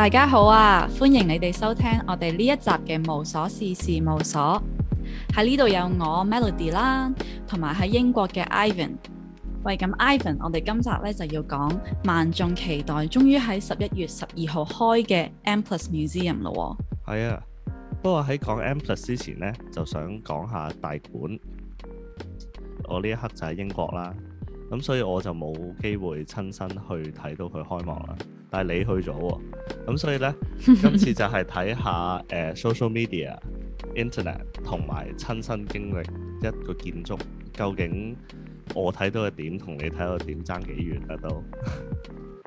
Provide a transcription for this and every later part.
大家好啊，歡迎你哋收聽我哋呢一集嘅無瑣事事務所，喺呢度有我 Melody 啦，同埋喺英國嘅 Ivan。喂，咁 Ivan，我哋今集咧就要講萬眾期待，終於喺十一月十二號開嘅 M+ Museum 咯。係啊，不過喺講 M+ 之前呢，就想講下大館。我呢一刻就喺英國啦。咁所以我就冇機會親身去睇到佢開幕啦。但係你去咗喎、哦，咁所以呢，今次就係睇下誒、 uh, social media、internet 同埋親身經歷一個建築，究竟我睇到嘅點同你睇到嘅點爭幾遠啊？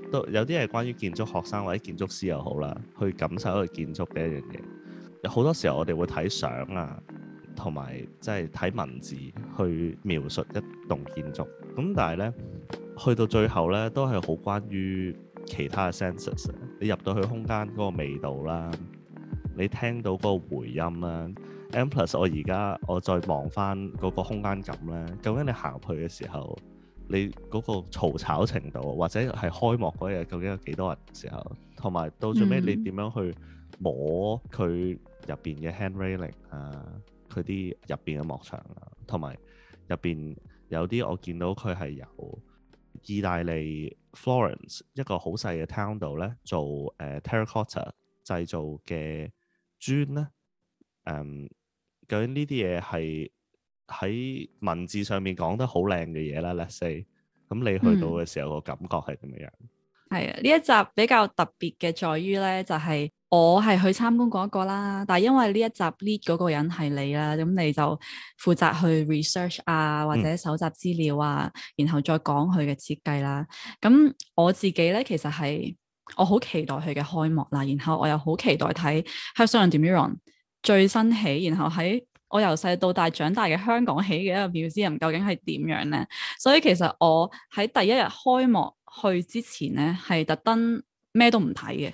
都都 有啲係關於建築學生或者建築師又好啦，去感受一個建築嘅一樣嘢。好多時候我哋會睇相啊，同埋即係睇文字去描述一棟建築。咁、嗯、但係咧，去到最後咧，都係好關於其他嘅 senses。你入到去空間嗰個味道啦，你聽到嗰個回音啦。M+ 我而家我再望翻嗰個空間感咧，究竟你行去嘅時候，你嗰個嘈吵程度，或者係開幕嗰日究竟有幾多人嘅時候，同埋到最尾你點樣去摸佢入邊嘅 handrailing 啊，佢啲入邊嘅幕牆啊，同埋入邊。有啲我見到佢係由意大利 Florence 一個好細嘅 town 度咧做誒、呃、terracotta 製造嘅磚咧，誒究竟呢啲嘢係喺文字上面講得好靚嘅嘢啦，Let's see。咁你去到嘅時候個感覺係點樣？係啊、嗯，呢一集比較特別嘅在於咧，就係、是。我係去參觀嗰一個啦，但係因為呢一集 lead 嗰個人係你啦，咁你就負責去 research 啊，或者搜集資料啊，然後再講佢嘅設計啦。咁我自己咧，其實係我好期待佢嘅開幕啦，然後我又好期待睇 Herzog & de Meuron 香港人點樣最新起，然後喺我由細到大長大嘅香港起嘅一個 museum 究竟係點樣咧？所以其實我喺第一日開幕去之前咧，係特登咩都唔睇嘅。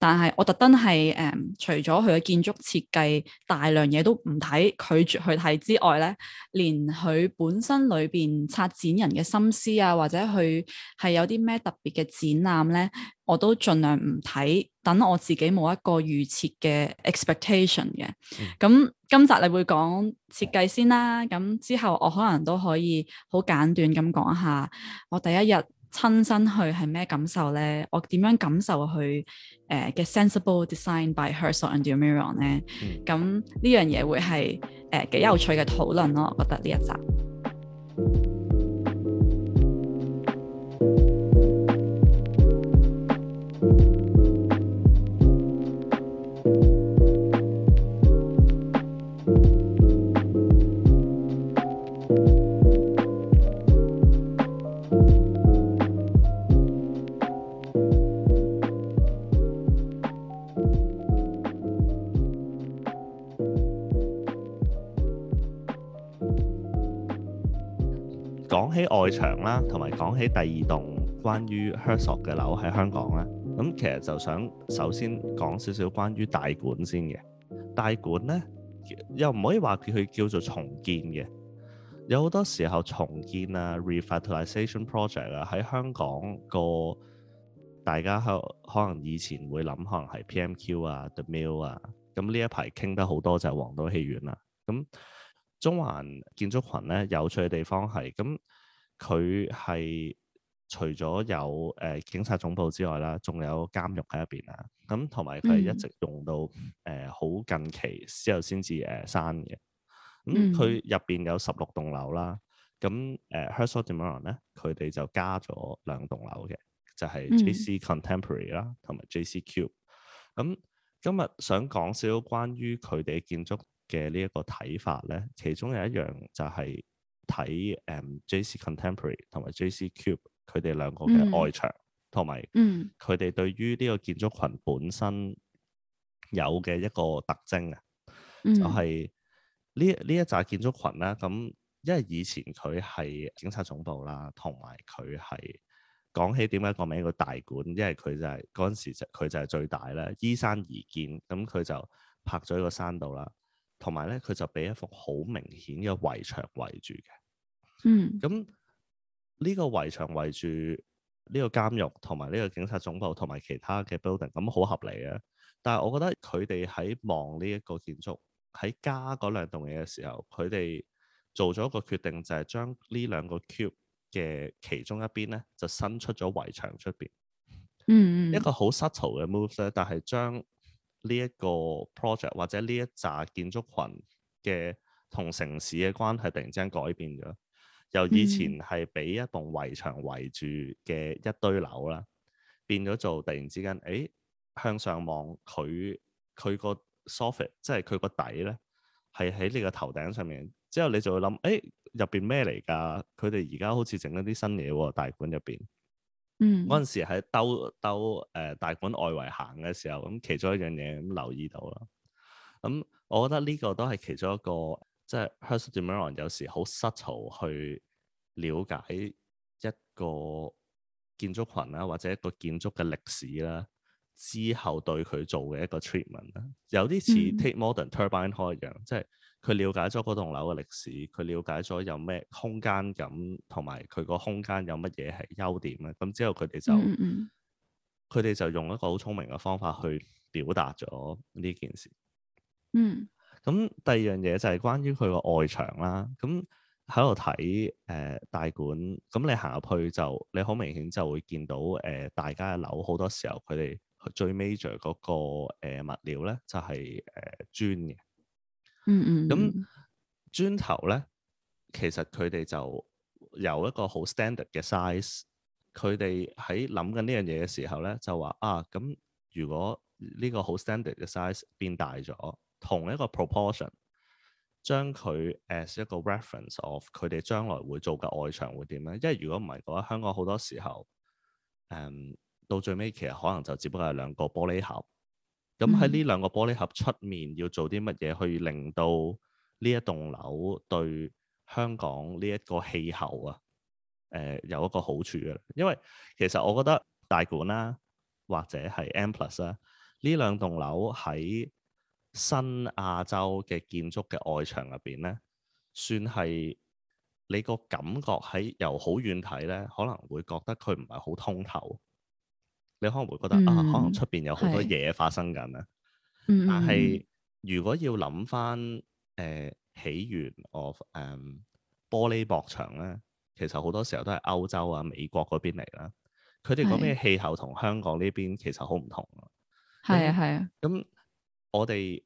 但係我特登係誒，除咗佢嘅建築設計大量嘢都唔睇，拒絕去睇之外咧，連佢本身裏邊策展人嘅心思啊，或者佢係有啲咩特別嘅展覽咧，我都盡量唔睇，等我自己冇一個預設嘅 expectation 嘅。咁、嗯、今集你會講設計先啦，咁之後我可能都可以好簡短咁講下我第一日。親身去係咩感受呢？我點樣感受佢嘅、呃、sensible design by Herzog & de Meuron 呢？咁呢樣嘢會係誒幾有趣嘅討論咯，我覺得呢一集。喺外牆啦，同埋講起第二棟關於 Herzog 嘅樓喺香港咧，咁其實就想首先講少少關於大館先嘅。大館呢，又唔可以話叫佢叫做重建嘅，有好多時候重建啊 revitalization project 啊，喺香港個大家可能以前會諗，可能係 PMQ 啊、The Mill 啊，咁呢一排傾得好多就係皇都戲院啦。咁中環建築群呢，有趣嘅地方係咁。佢係除咗有誒、呃、警察總部之外啦，仲有監獄喺入邊啊。咁同埋佢係一直用到誒好、呃、近期之後先至誒刪嘅。咁佢入邊有十六棟樓啦。咁誒 Herzog & de Meuron 咧，佢、呃、哋就加咗兩棟樓嘅，就係、是、JC Contemporary 啦，同埋 JC Cube。咁、嗯、今日想講少少關於佢哋建築嘅呢一個睇法咧，其中有一樣就係、是。睇誒、um, J.C.Contemporary 同埋 J.C.Cube 佢哋，兩個嘅外牆同埋佢哋對於呢個建築群本身有嘅一個特徵啊，嗯、就係呢呢一紮建築群啦。咁因為以前佢係警察總部啦，同埋佢係講起點解個名叫大館，因為佢就係、嗰、陣時就佢就係最大咧，依山而建，咁佢就拍咗喺個山度啦，同埋咧佢就俾一幅好明顯嘅圍牆圍住嘅。嗯，咁呢個圍牆圍住呢個監獄同埋呢個警察總部同埋其他嘅 building，咁好合理啊。但係我覺得佢哋喺望呢一個建築喺加嗰兩棟嘢嘅時候，佢哋做咗一個決定，就係將呢兩個 cube 嘅其中一邊咧，就伸出咗圍牆出邊。嗯，一個好 subtle 嘅 move 咧，但係將呢一個 project 或者呢一扎建築群嘅同城市嘅關係突然之間改變咗。由以前係俾一棟圍牆圍住嘅一堆樓啦，嗯、變咗做突然之間，誒、欸、向上望佢佢個 soffit，即係佢個底咧，係喺你個頭頂上面。之後你就會諗，誒，入邊咩嚟㗎？佢哋而家好似整咗啲新嘢喎、哦，大館入邊。嗯，嗰陣時喺兜兜誒，大館外圍行嘅時候，咁、嗯、其中一樣嘢咁留意到啦。咁、嗯、我覺得呢個都係其中一個。即係 Herzog & de Meuron 有時好 subtle 去了解一個建築群啦、啊，或者一個建築嘅歷史啦、啊，之後對佢做嘅一個 treatment 啦、啊，有啲似 Tate Modern Turbine Hall 一樣，即係佢了解咗嗰棟樓嘅歷史，佢了解咗有咩空間感，同埋佢個空間有乜嘢係優點咧、啊，咁之後佢哋就佢哋、嗯嗯、就用一個好聰明嘅方法去表達咗呢件事。嗯。嗯。咁第二樣嘢就係關於佢個外牆啦。咁喺度睇誒大館，咁你行入去就你好明顯就會見到誒、呃、大家嘅樓好多時候佢哋最 major 嗰個誒、呃、物料咧就係、是、誒、呃、磚嘅。嗯嗯。咁磚頭咧，其實佢哋就有一個好 standard 嘅 size。佢哋喺諗緊呢樣嘢嘅時候咧，就話啊，咁如果呢個好 standard 嘅 size 變大咗。同一個 proportion，將佢 as 一個 reference of 佢哋將來會做嘅外牆會點咧？因為如果唔係嘅話，香港好多時候，誒、嗯、到最尾其實可能就只不過係兩個玻璃盒。咁喺呢兩個玻璃盒出面要做啲乜嘢，可以令到呢一棟樓對香港呢一個氣候啊，誒、呃、有一個好處嘅咧。因為其實我覺得大館啦、啊，或者係 M plus 啦，呢兩棟樓喺新亞洲嘅建築嘅外牆入邊咧，算係你個感覺喺由好遠睇咧，可能會覺得佢唔係好通透，你可能會覺得、嗯、啊，可能出邊有好多嘢發生緊啊。嗯、但係如果要諗翻誒起源，我誒玻璃薄牆咧，其實好多時候都係歐洲啊、美國嗰邊嚟啦。佢哋嗰邊嘅氣候同香港呢邊其實好唔同啊。係啊的，係啊那。咁我哋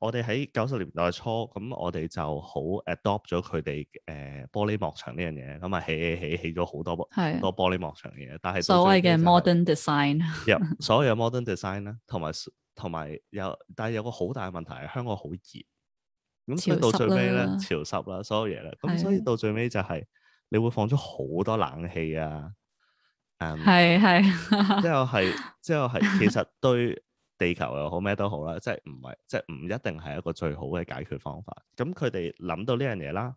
我哋喺九十年代初，咁我哋就好 adopt 咗佢哋誒、呃、玻璃幕牆呢樣嘢，咁啊起起起起咗好多多玻璃幕牆嘅嘢，但係、就是、所謂嘅 modern design， yep, 所有所謂嘅 modern design 啦，同埋同埋有，但係有個好大嘅問題係香港好熱，咁所以到最尾咧潮濕啦，所有嘢啦，咁所以到最尾就係、是、的你會放咗好多冷氣啊，誒係係，之後係之後係，其實對。地球又好咩都好啦，即係唔係，即係唔一定係一個最好嘅解決方法。咁佢哋諗到呢樣嘢啦，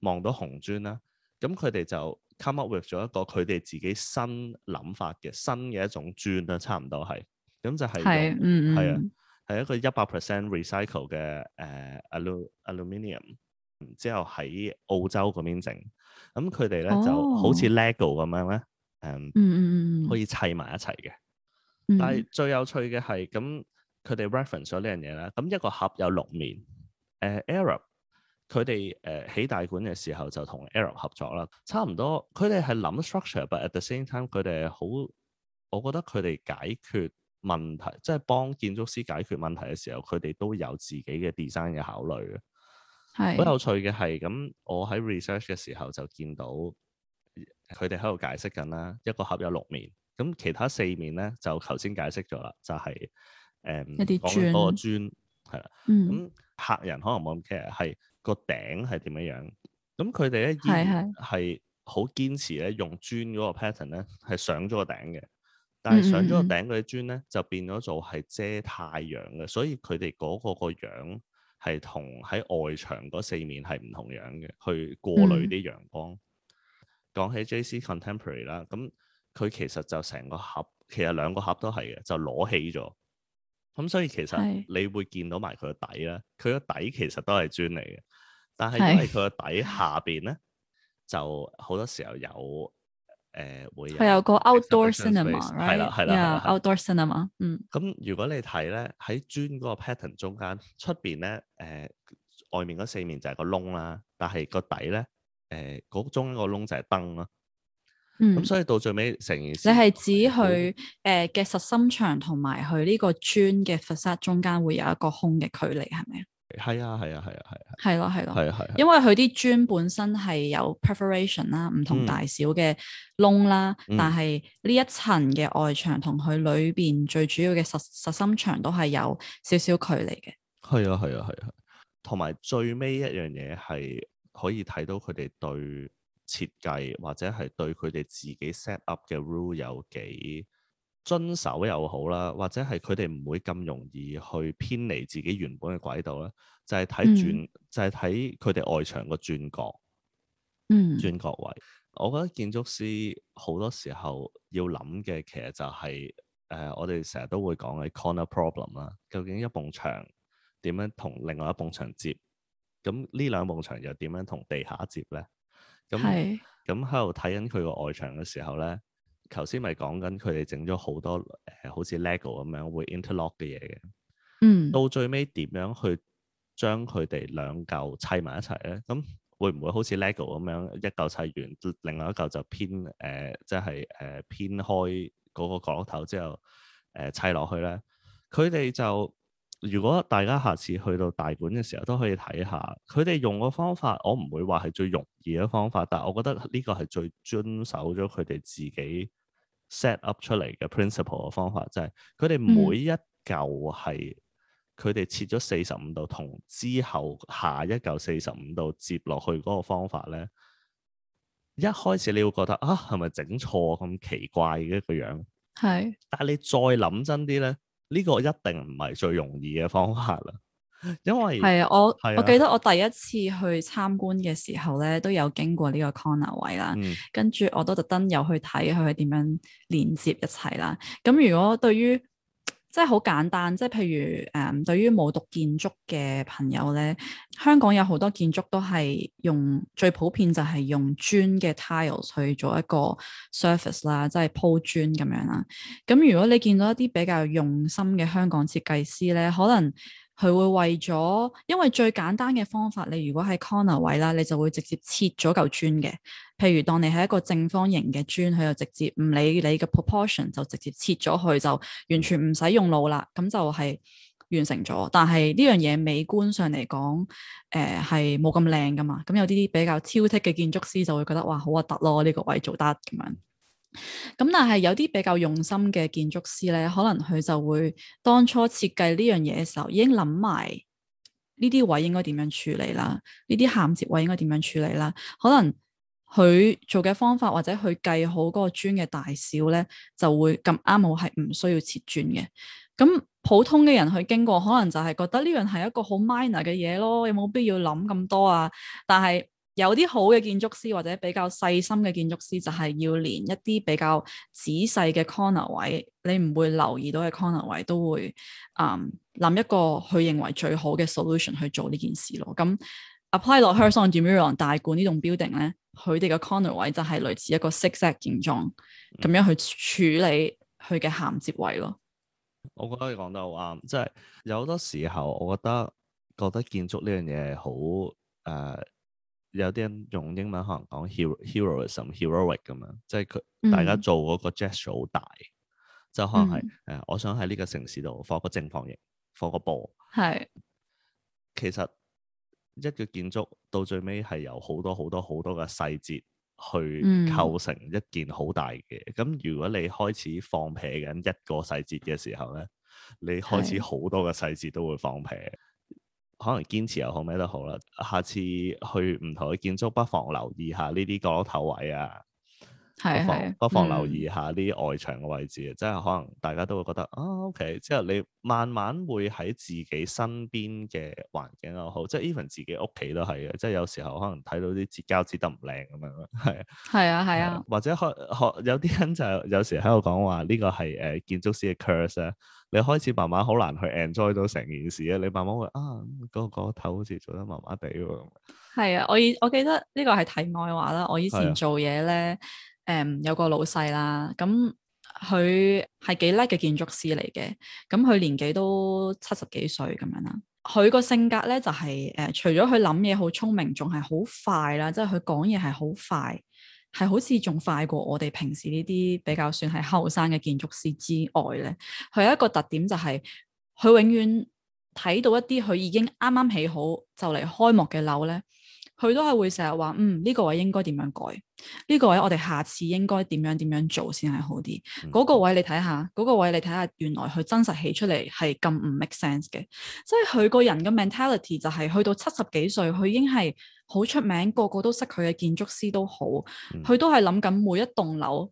望到紅磚啦，咁佢哋就 come up with 咗一個佢哋自己新諗法嘅新嘅一種磚啦，差唔多係。咁就係，係是啊，係、嗯嗯、一個一百 percent recycle 嘅誒、uh, aluminium al 然之後喺澳洲嗰邊整。咁佢哋咧就好似 lego 咁樣咧，誒、um, 嗯嗯，可以砌埋一齊嘅。嗯、但係最有趣嘅係，咁佢哋 reference 咗呢樣嘢啦。咁一個盒有六面，誒 Arup，佢哋誒起大館嘅時候就同 Arup 合作啦。差唔多，佢哋係諗 structure，but at the same time 佢哋好，我覺得佢哋解決問題，即係幫建築師解決問題嘅時候，佢哋都有自己嘅 design 嘅考慮，嘅是。係好有趣嘅係咁我喺 research 嘅時候就見到佢哋喺度解釋緊啦，一個盒有六面。咁其他四面咧就頭先解釋咗啦，就係誒講咗多個磚係啦。咁、嗯嗯嗯、客人可能冇咁 care 係個頂係點樣樣。咁佢哋咧係係好堅持咧用磚嗰個 pattern 咧係上咗個頂嘅，但係上咗個頂嗰啲磚咧就變咗做係遮太陽嘅，所以佢哋嗰個個樣係同喺外牆嗰四面係唔同樣嘅，去過濾啲陽光。嗯嗯、講起 JC Contemporary 啦、嗯，咁。佢其實就成個盒，其實兩個盒都係嘅，就攞起咗。咁所以其實你會見到埋佢個底啦。佢個的底其實都係磚嚟嘅，但係佢個底下邊咧，的就好多時候有誒、呃、會有。佢有個 outdoor cinema，係啦係啦，outdoor cinema。嗯。咁如果你睇咧喺磚嗰個 pattern 中間出邊咧，誒外面嗰、呃、四面就係個窿啦，但係個底咧，誒、呃、嗰中一個窿就係燈咯。嗯，所以到最尾成件事，你係指佢誒嘅實心牆同埋佢呢個磚嘅佛沙中間會有一個空嘅距離係咪？係啊，係啊，係啊，係啊，係咯，係咯，係啊，係。因為佢啲磚本身係有 perforation 啦，唔同大小嘅窿啦，但係呢一層嘅外牆同佢裏邊最主要嘅實實心牆都係有少少距離嘅。係啊，係啊，係啊，同埋最尾一樣嘢係可以睇到佢哋對。設計或者係對佢哋自己 set up 嘅 rule 有幾遵守又好啦，或者係佢哋唔會咁容易去偏離自己原本嘅軌道咧，就係、是、睇轉，嗯、就係睇佢哋外牆個轉角，嗯，轉角位。我覺得建築師好多時候要諗嘅，其實就係、是、誒、呃，我哋成日都會講嘅 corner problem 啦。究竟一埲牆點樣同另外一埲牆接？咁呢兩埲牆又點樣同地下接咧？咁咁喺度睇緊佢個外牆嘅時候咧，頭先咪講緊佢哋整咗好多誒、呃，好似 LEGO 咁樣會 interlock 嘅嘢嘅。嗯，到最尾點樣去將佢哋兩嚿砌埋一齊咧？咁會唔會好似 LEGO 咁樣一嚿砌完，另外一嚿就偏誒，即係誒偏開嗰個角落頭之後誒、呃、砌落去咧？佢哋就。如果大家下次去到大館嘅時候，都可以睇下佢哋用個方法，我唔會話係最容易嘅方法，但係我覺得呢個係最遵守咗佢哋自己 set up 出嚟嘅 principle 嘅方法，就係佢哋每一嚿係佢哋切咗四十五度，同之後下一嚿四十五度接落去嗰個方法咧，一開始你會覺得啊，係咪整錯咁奇怪嘅一個樣？係是，但係你再諗真啲咧。呢個一定唔係最容易嘅方法啦，因為係啊，我啊我記得我第一次去參觀嘅時候咧，都有經過呢個 corner 位啦，嗯、跟住我都特登又去睇佢係點樣連接一齊啦。咁如果對於即係好簡單，即係譬如誒、嗯，對於冇讀建築嘅朋友咧，香港有好多建築都係用最普遍就係用磚嘅 tiles 去做一個 surface 啦，即係鋪磚咁樣啦。咁如果你見到一啲比較用心嘅香港設計師咧，可能，佢會為咗，因為最簡單嘅方法，你如果喺 corner 位啦，你就會直接切咗嚿磚嘅。譬如當你係一個正方形嘅磚，佢就直接唔理你嘅 proportion，就直接切咗佢，就完全唔使用腦啦。咁就係完成咗。但係呢樣嘢美觀上嚟講，誒係冇咁靚噶嘛。咁有啲比較挑剔嘅建築師就會覺得，哇，好核突咯！呢個位做得咁樣。咁、嗯、但係有啲比較用心嘅建築師咧，可能佢就會當初設計呢樣嘢嘅時候，已經諗埋呢啲位應該點樣處理啦，呢啲銜接位應該點樣處理啦。可能佢做嘅方法或者佢計好嗰個磚嘅大小咧，就會咁啱好係唔需要切磚嘅。咁、嗯、普通嘅人去經過，可能就係覺得呢樣係一個好 minor 嘅嘢咯，有冇必要諗咁多啊？但係。有啲好嘅建築師或者比較細心嘅建築師，就係、是、要連一啲比較仔細嘅 corner 位，你唔會留意到嘅 corner 位，都會嗯諗一個佢認為最好嘅 solution 去做呢件事咯。咁、嗯、apply 落 Herzog de Meuron、嗯、大館棟呢棟 building 咧，佢哋嘅 corner 位就係類似一個 six shape 建築咁樣去處理佢嘅銜接位咯。我覺得你講得好啱，即、就、係、是、有好多時候，我覺得覺得建築呢樣嘢好誒。呃有啲人用英文可能講 heroism heroic 咁樣，即係佢大家做嗰個 gesture 好大，就、嗯、可能係誒、嗯嗯，我想喺呢個城市度放個正方形，放個波。係是，其實一個建築到最尾係由好多好多好多個細節去構成一件好大嘅。咁、嗯、如果你開始放撇緊一個細節嘅時候咧，你開始好多個細節都會放撇。可能堅持又好咩都好啦，下次去唔同嘅建築，不妨留意下呢啲角落頭位啊，係係不妨不妨留意下呢啲外牆嘅位置，係係嗯、即係可能大家都會覺得啊 OK，之後你慢慢會喺自己身邊嘅環境又好，即係 even 自己屋企都係嘅，即係有時候可能睇到啲接膠接得唔靚咁樣，係啊，係啊，係啊，或者可可有啲人就有時喺度講話呢、呢個係誒、呃、建築師嘅 curse 啊。你開始慢慢好難去 enjoy 到成件事啊！你慢慢會啊，嗰、那個嗰頭好似做得麻麻地喎。係啊，我以我記得呢個係題外話啦。我以前做嘢咧，誒是、啊嗯、有個老細啦，咁佢係幾叻嘅建築師嚟嘅。咁、嗯、佢年紀都七十幾歲咁樣啦。佢個性格咧就係、是、誒、呃，除咗佢諗嘢好聰明，仲係好快啦，即係佢講嘢係好快。就是說係好似仲快過我哋平時呢啲比較算係後生嘅建築師之外咧，佢有一個特點就係，佢永遠睇到一啲佢已經啱啱起好就嚟開幕嘅樓咧。佢都係會成日話，嗯呢、這個位應該點樣改？呢、這個位我哋下次應該點樣點樣做先係好啲？嗰、嗯、個位你睇下，嗰、那個位你睇下，原來佢真實起出嚟係咁唔 make sense 嘅。即係佢個人嘅 mentality 就係、是、去到七十幾歲，佢已經係好出名，個個都識佢嘅建築師都好，佢都係諗緊每一棟樓。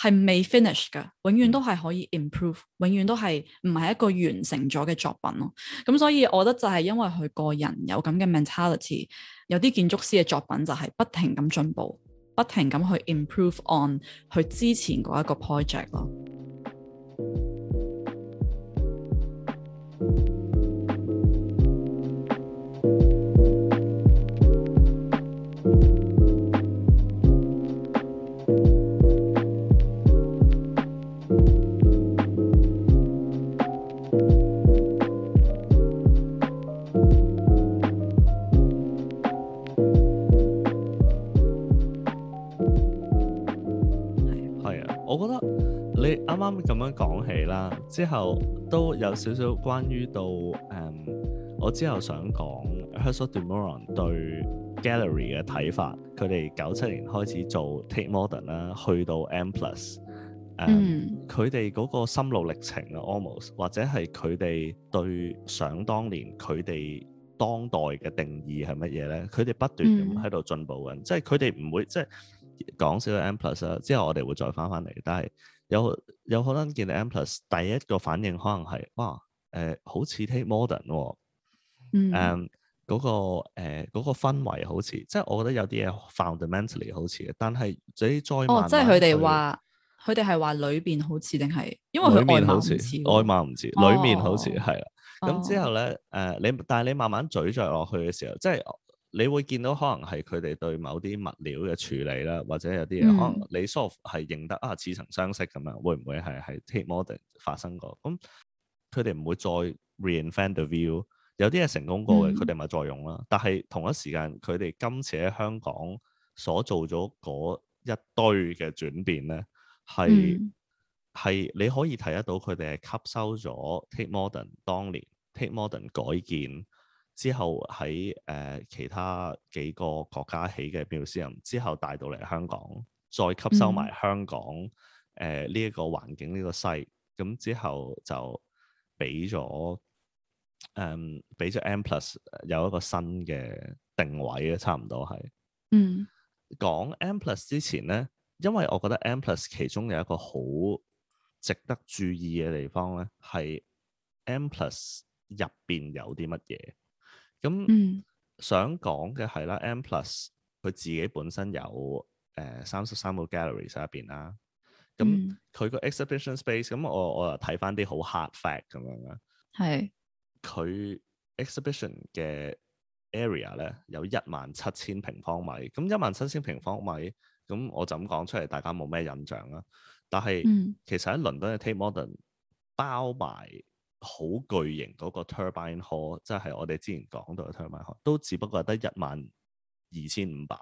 係未 finish 㗎，永遠都係可以 improve，永遠都係唔係一個完成咗嘅作品咯。咁所以，我覺得就係因為佢個人有咁嘅 mentality，有啲建築師嘅作品就係不停咁進步，不停咁去 improve on 佢之前嗰一個 project 咯。啱，咁樣講起啦，之後都有少少關於到誒、嗯，我之後想講 Herzog & de Meuron 對 Gallery 嘅睇法。佢哋九七年開始做 Tate Modern 啦，去到 M Plus，佢哋嗰個心路歷程啊，Almost 或者係佢哋對想當年佢哋當代嘅定義係乜嘢咧？佢哋不斷咁喺度進步緊、嗯，即係佢哋唔會即係講少少 M Plus 啦。之後我哋會再返返嚟，但係。有有可能見到 M+ 第一個反應可能係哇，誒、呃、好似 Tate Modern 喎、哦，誒嗰、嗯 um，那個誒、呃那個、氛圍好似，即係我覺得有啲嘢 fundamentally 好似嘅，但係你再慢慢哦，即係佢哋話佢哋係話裏邊好似定係，因為裏面好似外貌唔似，裏面好似係啦。咁之後咧，誒、呃、你但係你慢慢咀嚼落去嘅時候，即係。你會見到可能係佢哋對某啲物料嘅處理啦，或者有啲嘢、嗯、可能你 sort of 係認得啊，似曾相識咁樣，會唔會係喺 Tate Modern 發生過？咁佢哋唔會再 reinvent the view。有啲嘢成功過嘅，佢哋咪再用啦。但係同一時間，佢哋今次喺香港所做咗嗰一堆嘅轉變咧，係係、嗯、你可以睇得到佢哋係吸收咗 Tate Modern 當年 Tate Modern 改建。之後喺誒、呃、其他幾個國家起嘅 Museum，之後帶到嚟香港，再吸收埋香港誒呢一個環境呢、呢個 site、嗯，咁之後就俾咗誒俾咗 M Plus 有一個新嘅定位啊，差唔多係。嗯，講 M Plus 之前咧，因為我覺得 M Plus 其中有一個好值得注意嘅地方咧，係 M Plus 入邊有啲乜嘢。咁那、嗯、想講嘅係啦，M Plus 佢自己本身有誒三十三個 gallery 喺入邊啦、啊。咁佢個、嗯、exhibition space，咁我我又睇翻啲好 hard fact 咁樣啦、啊。係佢是 exhibition 嘅 area 咧，有一萬七千平方米。咁一萬七千平方米，咁我就咁講出嚟，大家冇咩印象啦、啊。但係、嗯、其實喺倫敦嘅 Tate Modern 包埋。好巨型嗰個 turbine hall，即係我哋之前講到嘅 turbine hall，都只不過得一萬二千五百。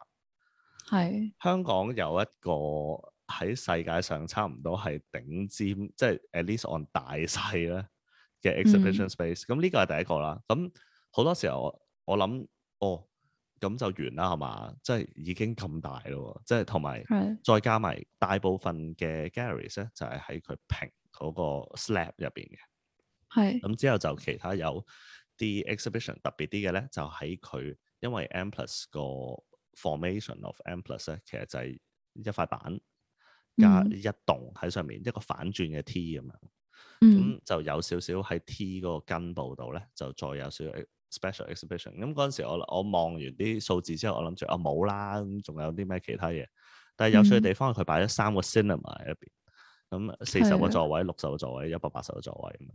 係嘅香港有一個喺世界上差唔多係頂尖，即係 at least on 大細咧嘅 exhibition space。咁呢、嗯、個係第一個啦。咁好多時候我我諗哦，咁就完啦，係嘛？即係已經咁大咯，即係同埋再加埋大部分嘅 galleries 咧，就係喺佢平嗰個 slab 入邊嘅。係，咁、嗯嗯、之後就其他有啲 exhibition 特別啲嘅咧，就喺佢因為 M+ 個 formation of M+ 咧，其實就係一塊板加一棟喺上面，嗯、一個反轉嘅 T 咁樣，咁、嗯嗯、就有少少喺 T 嗰個根部度咧，就再有少少 special exhibition。咁嗰陣時我我望完啲數字之後，我諗住我冇啦，咁、啊、仲有啲咩其他嘢？但係有趣嘅地方係佢、嗯、擺咗三個 cinema 喺入邊，咁四十個座位、的六十個座位、一百八十個座位咁樣。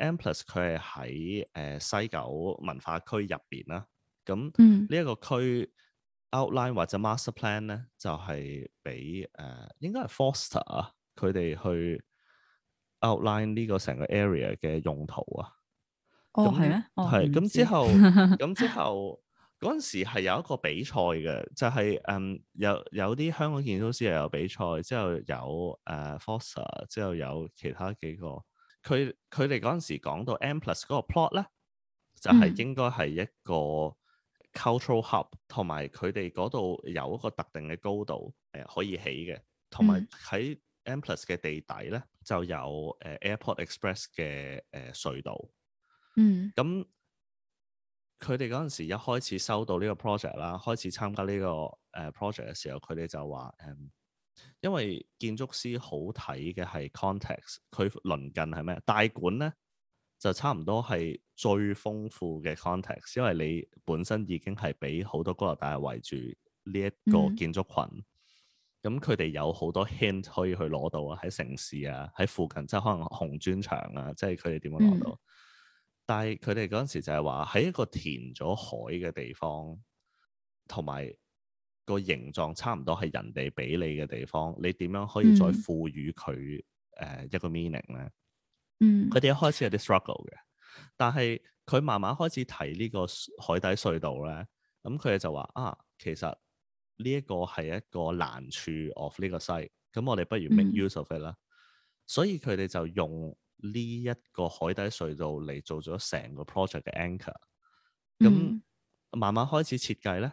M+ 佢係喺誒西九文化區入邊啦，咁呢一個區 outline 或者 master plan 咧，就係俾誒應該係 Foster 啊，佢哋去 outline 呢個成個 area 嘅用途啊。哦，係咩那？係咁之後，咁 之後嗰陣時係有一個比賽嘅，就係、是、誒、嗯、有有啲香港建築師又有比賽，之後有誒、呃、Foster 之後有其他幾個。佢佢哋嗰陣時講到 M plus 嗰個 plot 咧，就係應該係一個 cultural hub，同埋佢哋嗰度有一個特定嘅高度，誒、呃、可以起嘅，同埋喺 M plus 嘅地底咧就有誒、呃、airport express 嘅誒、呃、隧道。嗯，咁佢哋嗰陣時一開始收到呢個 project 啦，開始參加呢個誒 project 嘅時候，佢哋就話誒，呃因為建築師好睇嘅係 context，佢鄰近係咩？大館咧就差唔多係最豐富嘅 context，因為你本身已經係俾好多高樓大廈圍住呢一個建築群，咁佢哋有好多 hint 可以去攞到啊！喺城市啊，喺附近，即係可能紅磚牆啊，即係佢哋點樣攞到？嗯、但係佢哋嗰陣時就係話喺一個填咗海嘅地方，同埋。個形狀差唔多係人哋俾你嘅地方，你點樣可以再賦予佢誒、嗯呃、一個 meaning 咧？嗯，佢哋一開始有啲 struggle 嘅，但係佢慢慢開始提呢個海底隧道咧，咁佢哋就話啊，其實呢一個係一個難處 of this site，咁、嗯、我哋不如 make use of it 啦。所以佢哋就用呢一個海底隧道嚟做咗成個 project 嘅 anchor、嗯。咁、嗯、慢慢開始設計咧。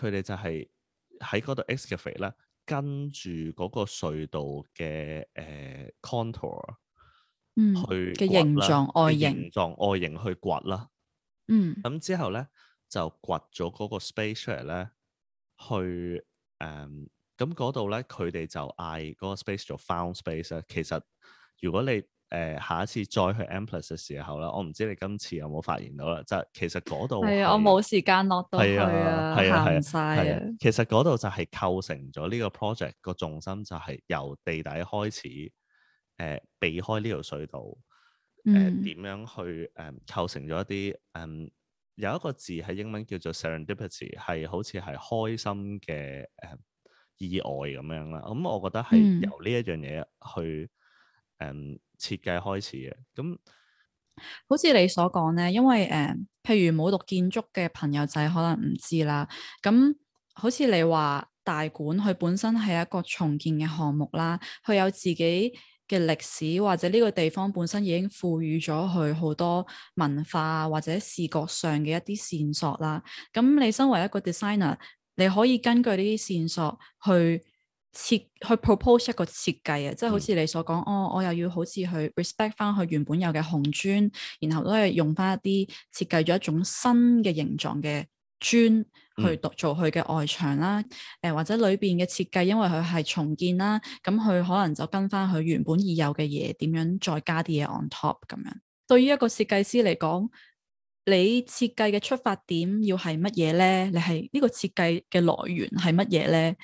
佢哋就係喺嗰度 excavate 啦，跟住嗰個隧道嘅誒、uh, contour，嗯，嘅形狀外形，形狀外形去掘啦，嗯，咁、嗯、之後咧就掘咗嗰個 space 出嚟咧，去誒，咁嗰度咧佢哋就嗌嗰個 space 做 found space 咧，其實如果你誒下一次再去 M+ 嘅時候啦，我唔知你今次有冇發現到啦，就其實嗰度係啊，我冇時間落到去啊，行唔曬嘅。其實嗰度就係構成咗呢個 project 個重心，就係由地底開始，誒、呃、避開呢條隧道，誒、呃、點樣去誒、呃、構成咗一啲誒、呃、有一個字喺英文叫做 serendipity，係好似係開心嘅誒、呃、意外咁樣啦。咁、嗯、我覺得係由呢一樣嘢去誒。呃設計開始嘅，咁好似你所講咧，因為誒、呃，譬如冇讀建築嘅朋友仔可能唔知啦。咁好似你話大館，佢本身係一個重建嘅項目啦，佢有自己嘅歷史，或者呢個地方本身已經賦予咗佢好多文化或者視覺上嘅一啲線索啦。咁你身為一個 designer，你可以根據呢啲線索去。設去 propose 一個設計啊，嗯、即係好似你所講，哦，我又要好似去 respect 翻佢原本有嘅紅磚，然後都係用翻一啲設計咗一種新嘅形狀嘅磚去讀做佢嘅外牆啦。誒、嗯呃，或者裏邊嘅設計，因為佢係重建啦，咁佢可能就跟翻佢原本已有嘅嘢，點樣再加啲嘢 on top 咁樣。對於一個設計師嚟講，你設計嘅出發點要係乜嘢咧？你係呢、呢個設計嘅來源係乜嘢咧？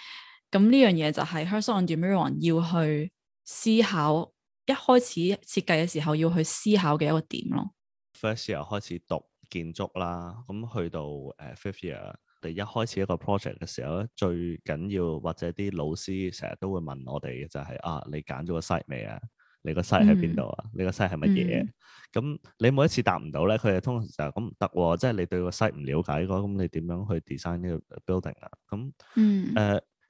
咁呢樣嘢就係 Herzog and de Meuron 要去思考，一開始設計嘅時候要去思考嘅一個點咯。First year 開始讀建築啦，咁去到誒、uh, fifth year，我一開始一個 project 嘅時候咧，最緊要或者啲老師成日都會問我哋嘅就係、是、啊，你揀咗個 site 未啊？Mm hmm. 你個 site 喺邊度啊？你個 site 係乜嘢？咁、hmm. 你每一次答唔到咧，佢哋通常就咁唔得，即係你對個 site 唔了解嘅話，咁你點樣去 design 呢個 building 啊？咁，嗯、mm，誒、hmm.。Uh,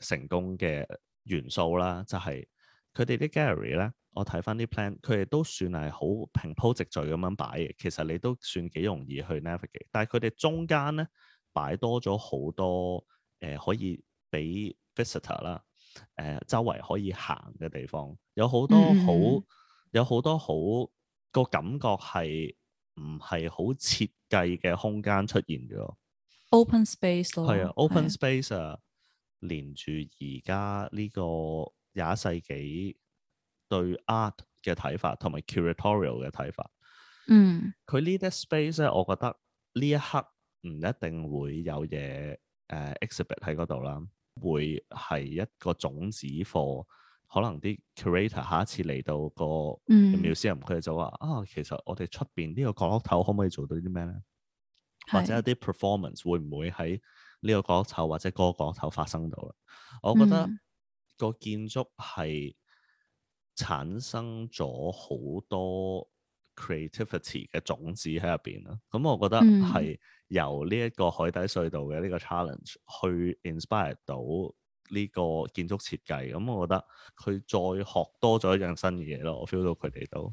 成功嘅元素啦，就係、是、佢哋啲 gallery 咧，我睇翻啲 plan，佢哋都算係好平鋪直敍咁樣擺嘅。其實你都算幾容易去 navigate，但係佢哋中間咧擺多咗好多誒、呃，可以俾 visitor 啦誒、呃，周圍可以行嘅地方，有好多好，嗯、有好多好個感覺係唔係好設計嘅空間出現咗 open space 咯、哦，係啊，open space 啊。哎連住而家呢個廿一世紀對 art 嘅睇法同埋 curatorial 嘅睇法，法嗯，佢呢啲 space 咧，我覺得呢一刻唔一定會有嘢誒、呃、exhibit 喺嗰度啦，會係一個種子貨，可能啲 curator 下一次嚟到個 museum，佢就話啊，其實我哋出邊呢個角落頭可唔可以做到啲咩咧？是或者一啲 performance 會唔會喺？呢個角頭或者個角頭發生到啦，我覺得、嗯、個建築係產生咗好多 creativity 嘅種子喺入邊啦。咁、嗯、我覺得係由呢一個海底隧道嘅呢個 challenge 去 inspire 到呢個建築設計。咁、嗯、我覺得佢再學多咗一樣新嘢咯。我 feel 到佢哋都。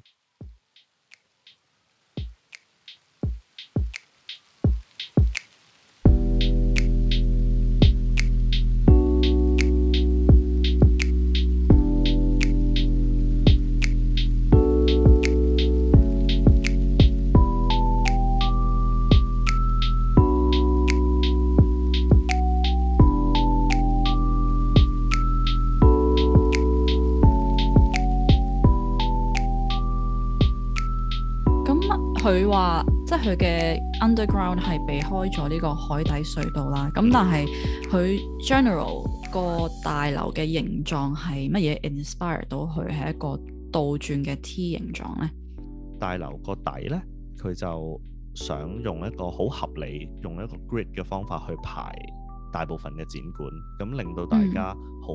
即係佢嘅 underground 係避開咗呢個海底隧道啦，咁但係佢 general 個大樓嘅形狀係乜嘢 inspire 到佢係一個倒轉嘅 T 形狀呢？大樓個底呢，佢就想用一個好合理，用一個 grid 嘅方法去排大部分嘅展館，咁令到大家好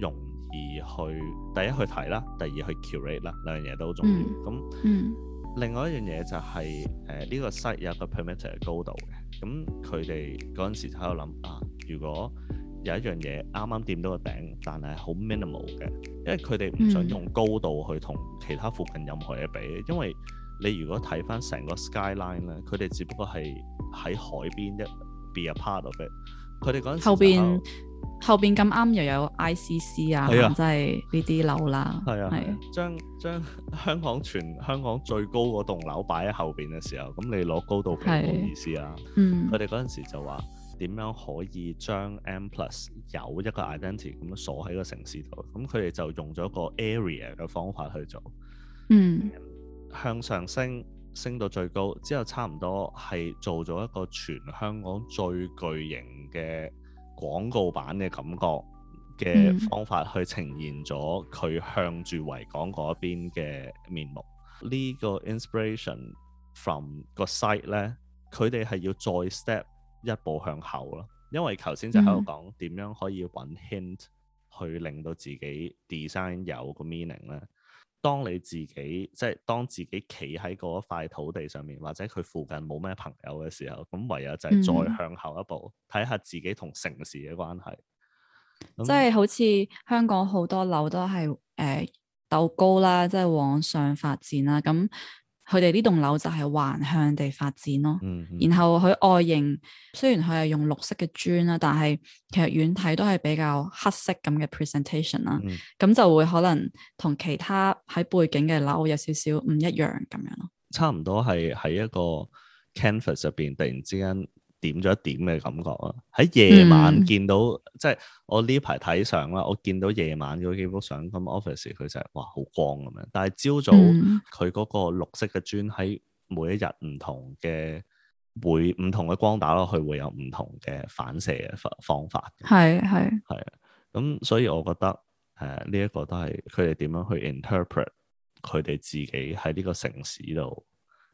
容易去、嗯、第一去睇啦，第二去 curate 啦，兩樣嘢都好重要。咁嗯。那嗯另外一樣嘢就係、是，誒、呃、呢、這個 site 有一個 permitted 高度嘅。咁佢哋嗰陣時喺度諗啊，如果有一樣嘢啱啱掂到個頂，但係好 minimal 嘅，因為佢哋唔想用高度去同其他附近任何嘢比，嗯、因為你如果睇翻成個 skyline 咧，佢哋只不過係喺海邊一 be a part of it，佢哋嗰陣時候後後邊咁啱又有 ICC 啊，即係呢啲樓啦。係啊，將將、啊啊、香港全香港最高嗰棟樓擺喺後邊嘅時候，咁、啊、你攞高度係冇意思啊。嗯，佢哋嗰陣時就話點樣可以將 M plus 有一個 identity 咁鎖喺個城市度，咁佢哋就用咗個 area 嘅方法去做。嗯，向上升升到最高之後，差唔多係做咗一個全香港最巨型嘅。廣告版嘅感覺嘅方法去呈現咗佢向住維港嗰邊嘅面目。這個、呢個 inspiration from 個 site 咧，佢哋係要再 step 一步向後咯。因為頭先就喺度講點、嗯、樣可以揾 hint 去令到自己 design 有個 meaning 咧。當你自己即係當自己企喺嗰一塊土地上面，或者佢附近冇咩朋友嘅時候，咁唯有就係再向後一步，睇、嗯、下自己同城市嘅關係。即係好似香港好多樓都係誒鬥高啦，即係往上發展啦，咁。佢哋呢棟樓就係橫向地發展咯，嗯嗯、然後佢外形雖然佢係用綠色嘅磚啦，但係其實遠睇都係比較黑色咁嘅 presentation 啦、嗯，咁就會可能同其他喺背景嘅樓有少少唔一樣咁樣咯，差唔多係喺一個 canvas 入邊突然之間點咗一點嘅感覺啊。喺夜晚見到，嗯、即係我呢排睇相啦，我見到夜晚嗰幾幅相，咁 office 佢就係、是、哇，好光咁樣，但係朝早佢嗰、嗯、個綠色嘅磚，喺每一日唔同嘅，會唔同嘅光打落去會有唔同嘅反射嘅方法。係係係啊，咁所以我覺得誒呢一個都係佢哋點樣去 interpret 佢哋自己喺呢個城市度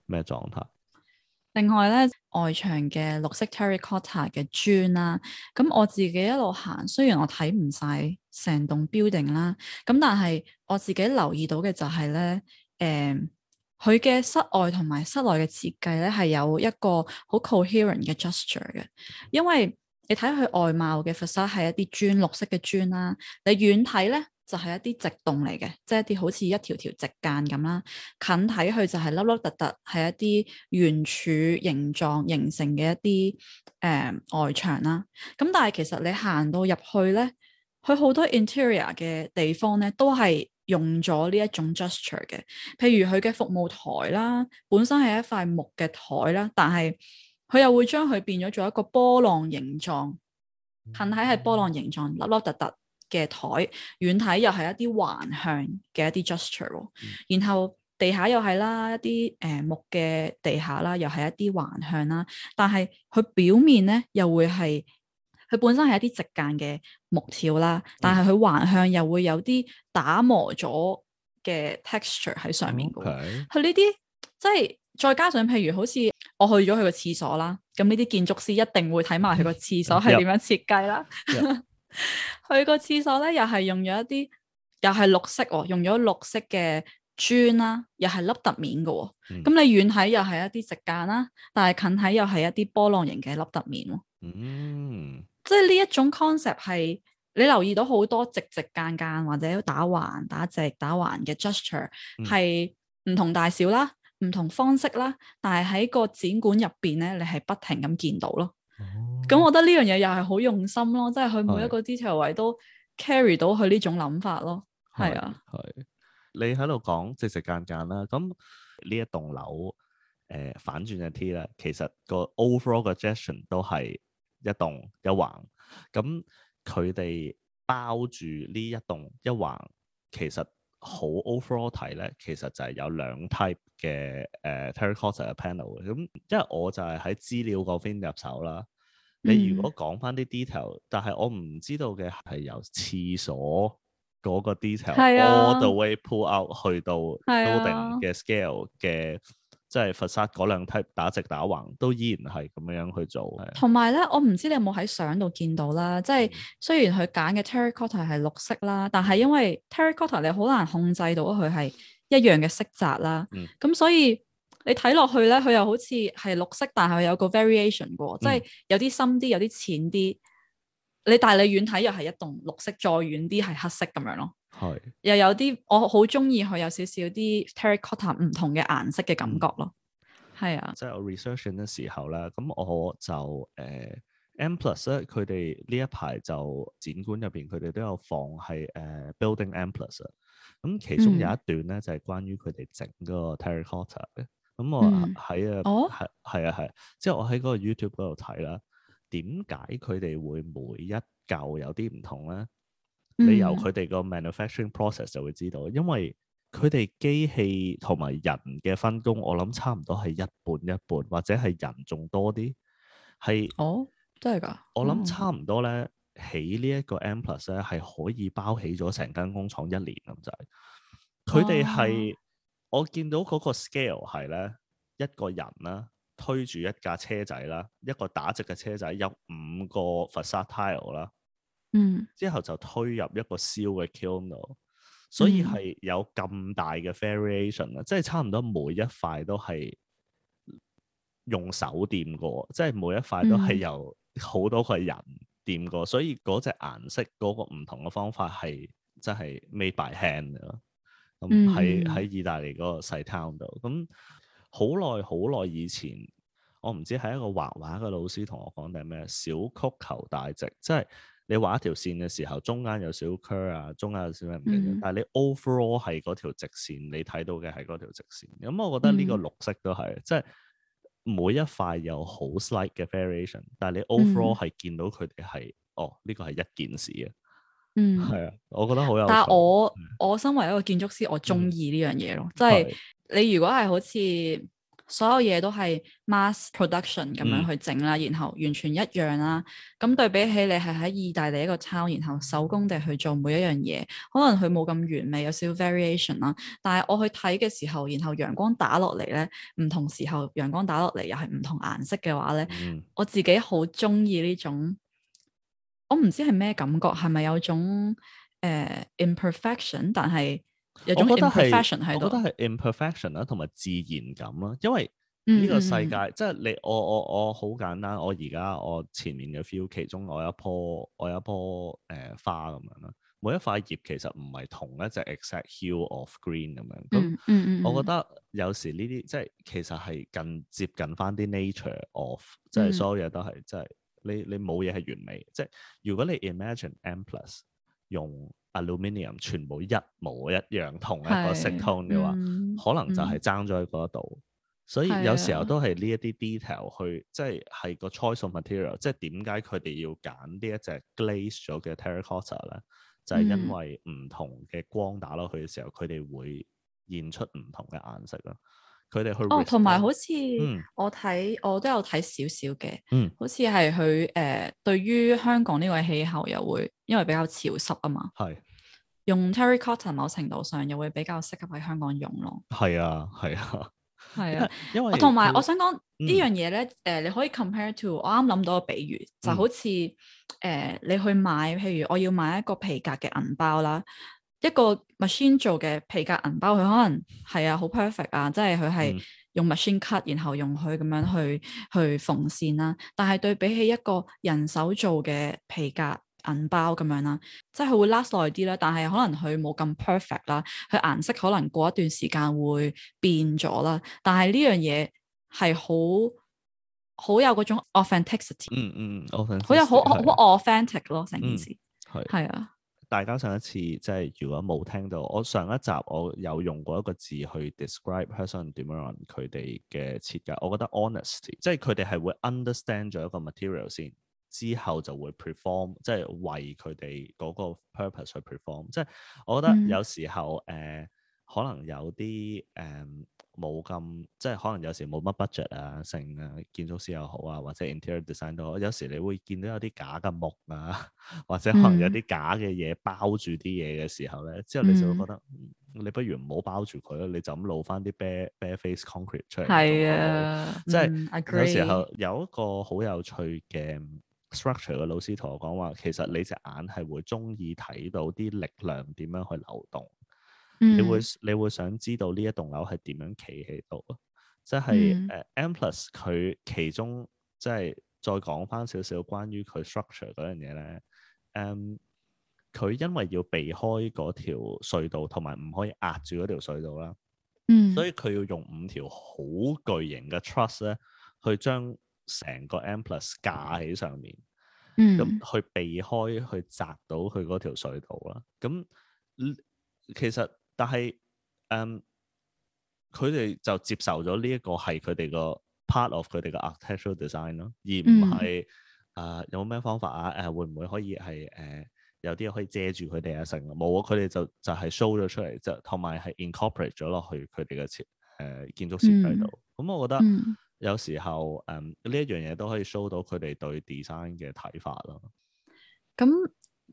咩狀態。另外咧，外牆嘅綠色 terracotta 嘅磚啦，咁我自己一路行，雖然我睇唔晒成棟 building 啦，咁但係我自己留意到嘅就係、是、咧，誒、呃，佢嘅室外同埋室內嘅設計咧係有一個好 coherent 嘅 gesture 嘅，因為你睇佢外貌嘅 facade 係一啲磚綠色嘅磚啦，你遠睇咧。就係一啲直洞嚟嘅，即係一啲好似一條條直間咁啦。近睇佢就係粒粒突突，係一啲圓柱形狀形成嘅一啲誒外牆啦。咁但係其實你行到入去咧，佢好多 interior 嘅地方咧，都係用咗呢一種 gesture 嘅。譬如佢嘅服務台啦，本身係一塊木嘅台啦，但係佢又會將佢變咗做一個波浪形狀。近睇係波浪形狀，粒粒突突。嘅台，遠睇又係一啲橫向嘅一啲 gesture、嗯、然後地下又係啦，一啲誒、呃、木嘅地下啦，又係一啲橫向啦。但係佢表面咧，又會係佢本身係一啲直間嘅木條啦，但係佢橫向又會有啲打磨咗嘅 texture 喺上面嘅。佢呢啲即係再加上，譬如好似我去咗佢個廁所啦，咁呢啲建築師一定會睇埋佢個廁所係點樣設計啦。嗯嗯嗯佢個廁所咧，又係用咗一啲，又係綠色、哦，用咗綠色嘅磚啦，又係凹凸面嘅、哦。咁你遠睇又係一啲直間啦，但係近睇又係一啲波浪形嘅凹凸面。嗯，嗯嗯即係呢一種 concept 係你留意到好多直直間間或者打橫打直打橫嘅 gesture，係唔、嗯、同大小啦，唔同方式啦，但係喺個展館入邊咧，你係不停咁見到咯。咁、嗯、我覺得呢樣嘢又係好用心咯，即係佢每一個 detail 位都 carry 到佢呢種諗法咯。係啊的，係的你喺度講直直間間啦。咁呢一棟樓誒、呃、反轉嘅 T 咧，其實個 overall 嘅 projection 都係一棟一橫。咁佢哋包住呢一棟一橫，其實好 overall 睇咧，其實就係有兩 type 嘅誒 terracotta panel。咁、呃、因為我就係喺資料嗰邊入手啦。你如果講翻啲 detail，但係我唔知道嘅係由廁所嗰個 detail，all the way pull out 去到 loading 嘅 scale 嘅，即係佛山嗰兩 type 打直打橫都依然係咁樣去做。同埋咧，我唔知你有冇喺相度見到啦，即係雖然佢揀嘅 terracotta 係綠色啦，但係因為 terracotta 你好難控制到佢係一樣嘅色澤啦，嗯，咁所以。你睇落去咧，佢又好似係綠色，但係佢有個 variation 嘅，即係有啲深啲，有啲淺啲。你但你遠睇又係一棟綠色，再遠啲係黑色咁樣咯。係是又有啲我好中意佢有少少啲 terracotta 唔同嘅顏色嘅感覺咯。係、嗯、啊，即係我 research 嘅時候咧，咁我就誒 M+、呃、佢哋呢一排就展館入邊，佢哋都有放係誒 Building M+。咁其中有一段咧，就係、是、關於佢哋整個 terracotta 嘅、嗯。咁我喺啊，係係啊係，即係我喺嗰個 YouTube 嗰度睇啦。點解佢哋會每一嚿有啲唔同咧？你由佢哋個 manufacturing process 就會知道，因為佢哋機器同埋人嘅分工，我諗差唔多係一半一半，或者係人仲多啲。係哦，真係噶！我諗差唔多咧，起呢一個 M+ 咧，係可以包起咗成間工廠一年咁就係。佢哋係。我見到嗰個 scale 係咧，一個人啦，推住一架車仔啦，一個打直嘅車仔有五個 facade tile 啦，嗯，之後就推入一個燒嘅 kiln，所以係有咁大嘅 variation 啊、嗯，即係差唔多每一塊都係用手掂過，即係每一塊都係由好多個人掂過，嗯、所以嗰隻顏色嗰、那個唔同嘅方法係真係 made by hand 咯。喺喺、嗯嗯、意大利嗰個細 town 度、嗯，咁好耐好耐以前，我唔知係一個畫畫嘅老師同我講定咩，小曲求大直，即、就、係、是、你畫一條線嘅時候，中間有小 curve 啊，中間有小咩唔同，但係你 overall 係嗰條直線，你睇到嘅係嗰條直線。咁、嗯嗯、我覺得呢個綠色都係，即、就、係、是、每一塊有好 slight 嘅 variation，但係你 overall 係見到佢哋係，嗯、哦、呢、這個係一件事啊！嗯，係啊，我覺得好有，但係我、嗯、我身為一個建築師，我中意呢樣嘢咯，即係、嗯、你如果係好似所有嘢都係 mass production 咁樣去整啦，嗯、然後完全一樣啦，咁對比起你係喺意大利一個抄，然後手工地去做每一樣嘢，可能佢冇咁完美，有少少 variation 啦，但係我去睇嘅時候，然後陽光打落嚟咧，唔同時候陽光打落嚟又係唔同顏色嘅話咧，嗯、我自己好中意呢種。我唔知係咩感覺，係咪有種誒、呃、imperfection？但係我覺得係 imperfection 我覺得係 imperfection 啦，同埋自然感啦。因為呢個世界，即係、嗯、你我我我好簡單，我而家我前面嘅 feel，其中我有一棵我有一棵誒、呃、花咁樣啦。每一塊葉其實唔係同一隻 exact hue of green 咁樣。咁我覺得有時呢啲即係其實係近接近翻啲 nature of，即係所有嘢都係即係。嗯你你冇嘢係完美，即係如果你 imagine M plus 用 aluminium，全部一模一樣同一個色 tone 嘅話，嗯、可能就係爭咗喺嗰度。嗯、所以有時候都係呢一啲 detail 去，即係係個 choice of material，即係點解佢哋要揀呢一隻 glazed 咗嘅 terracotta 咧？就係、是、因為唔同嘅光打落去嘅時候，佢哋、嗯、會現出唔同嘅顏色咯。佢哋去 it，哦，同埋好似我睇、嗯、我都有睇少少嘅，嗯、好似係佢誒對於香港呢個氣候又會因為比較潮濕啊嘛，係是用 Terracotta 某程度上又會比較適合喺香港用咯，係啊係啊係啊，啊啊因為同埋我想講、嗯、呢樣嘢咧誒，你可以 compare to 我啱諗到個比喻，就好似誒、嗯呃、你去買，譬如我要買一個皮革嘅銀包啦。一個 machine 做嘅皮革銀包，佢可能係啊好 perfect 啊，即係佢係用 machine cut，然後用佢咁樣去去縫線啦。但係對比起一個人手做嘅皮革銀包咁樣啦，即係佢會 last 耐啲啦。但係可能佢冇咁 perfect 啦，佢顏色可能過一段時間會變咗啦。但係呢樣嘢係好好有嗰種 authenticity、嗯。嗯嗯嗯 authentic 好有好好 authentic 咯，成件事係係啊。嗯大家上一次即係如果冇聽到，我上一集我有用過一個字去 describe person 點樣佢哋嘅設計，我覺得 honesty，即係佢哋係會 understand 咗一個 material 先，之後就會 perform，即係為佢哋嗰個 purpose 去 perform，即係我覺得有時候誒。嗯呃可能有啲誒冇咁，即係可能有時冇乜 budget 啊，成啊建築師又好啊，或者 interior designer 都好，有時你會見到有啲假嘅木啊，或者可能有啲假嘅嘢包住啲嘢嘅時候咧，之後你就會覺得、嗯、你不如唔好包住佢咯，你就咁露翻啲 bare bare face concrete 出嚟。係啊，啊即係是、嗯、有時候有一個好有趣嘅 structure 嘅老師同我講話，其實你隻眼係會中意睇到啲力量點樣去流動。你會你會想知道呢一棟樓係點樣企喺度啊？即係誒，M+ 佢其中即係再講返少少關於佢 structure 嗰樣嘢咧。誒、嗯，佢因為要避開嗰條隧道，同埋唔可以壓住嗰條隧道啦。嗯，所以佢要用五條好巨型嘅 truss 咧，去將成個 M+ 架喺上面。嗯，咁去避開去砸到佢嗰條隧道啦。咁其實但係，嗯，佢哋就接受咗呢一個係佢哋個 part of 佢哋個 architectural design 咯，而唔係啊有咩方法啊？誒、呃，會唔會可以係誒、呃、有啲嘢可以遮住佢哋啊成？冇啊，佢哋就就係 show 咗出嚟，就同、是、埋係 incorporate 咗落去佢哋嘅設誒建築設計度。咁、嗯、我覺得、嗯、有時候誒呢一樣嘢都可以 show 到佢哋對 design 嘅睇法咯。咁、嗯。嗯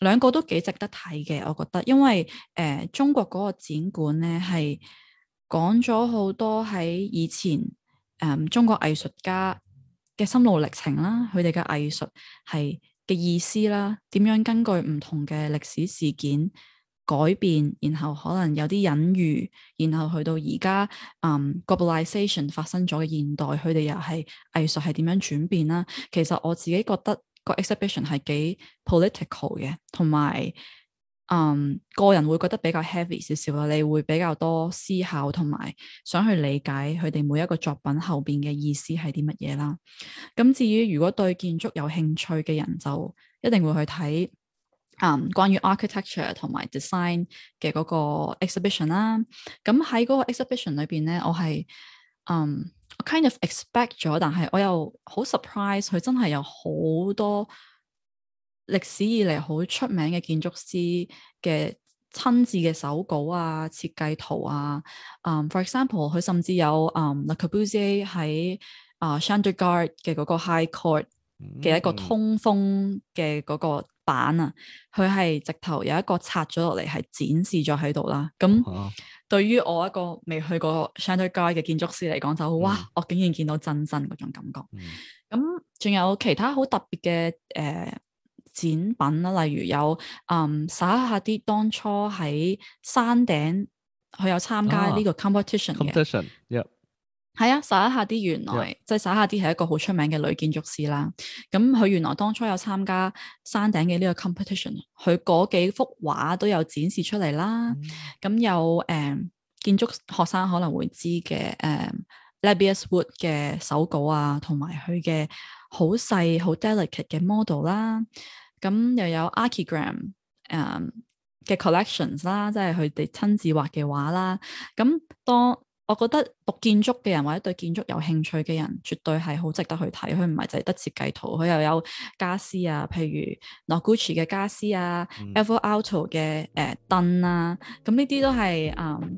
兩個都幾值得睇嘅，我覺得，因為誒、呃，中國嗰個展館咧係講咗好多喺以前誒、嗯，中國藝術家嘅心路歷程啦，佢哋嘅藝術係嘅意思啦，點樣根據唔同嘅歷史事件改變，然後可能有啲隱喻，然後去到而家、嗯、誒，globalization 發生咗嘅現代，佢哋又係藝術係點樣轉變啦。其實我自己覺得。個 exhibition 係幾 political 嘅，同埋嗯個人會覺得比較 heavy 少少啦。你會比較多思考，同埋想去理解佢哋每一個作品後邊嘅意思係啲乜嘢啦。咁至於如果對建築有興趣嘅人，就一定會去睇嗯關於 architecture 同埋 design 嘅嗰個 exhibition 啦。咁喺嗰個 exhibition 裏邊咧，我係嗯、I kind of expect 咗，但係我又好 surprise，佢真係有好多歷史以嚟好出名嘅建築師嘅親自嘅手稿啊、設計圖啊。嗯、um，for example，佢甚至有嗯 Le Corbusier 喺啊 Chandigarh 嘅嗰個 High Court 嘅一個通風嘅嗰個板啊，佢係、mm hmm. 直頭有一個拆咗落嚟係展示咗喺度啦。咁對於我一個未去過 s h a n d u 街嘅建築師嚟講，就哇！我竟然見到真身嗰種感覺。咁仲、嗯嗯、有其他好特別嘅誒展品啦，例如有嗯耍一下啲當初喺山頂佢有參加呢個 competition 嘅。係啊，Zaha Hadid 原來即係 Zaha Hadid 係一個好出名嘅女建築師啦。咁佢原來當初有參加山頂嘅呢個 competition，佢嗰幾幅畫都有展示出嚟啦。咁、mm hmm. 有誒、呃、建築學生可能會知嘅誒 Lebbeus Woods 嘅手稿啊，同埋佢嘅好細好 delicate 嘅 model 啦。咁又有 Archigram 誒、呃、嘅 collections 啦，即係佢哋親自畫嘅畫啦。咁當我覺得讀建築嘅人或者對建築有興趣嘅人，絕對係好值得去睇。佢唔係淨係得設計圖，佢又有傢俬啊，譬如 Noguchi 嘅傢俬啊，Alvar Aalto 嘅誒燈啊，咁呢啲都係誒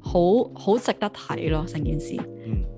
好好值得睇咯，成件事。嗯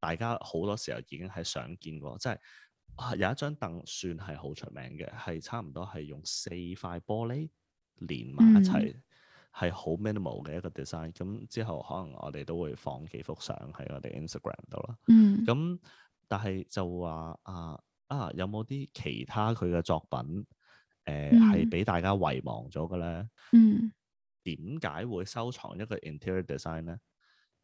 大家好多時候已經係想見過，即係有一張凳算係好出名嘅，係差唔多係用四塊玻璃連埋一齊，係好、嗯、minimal 嘅一個 design。咁、嗯、之後可能我哋都會放幾幅相喺我哋 Instagram 度啦。嗯。咁、嗯、但係就話啊啊，有冇啲其他佢嘅作品？誒、呃，係俾、嗯、大家遺忘咗嘅咧。嗯。點解會收藏一個 interior design 咧？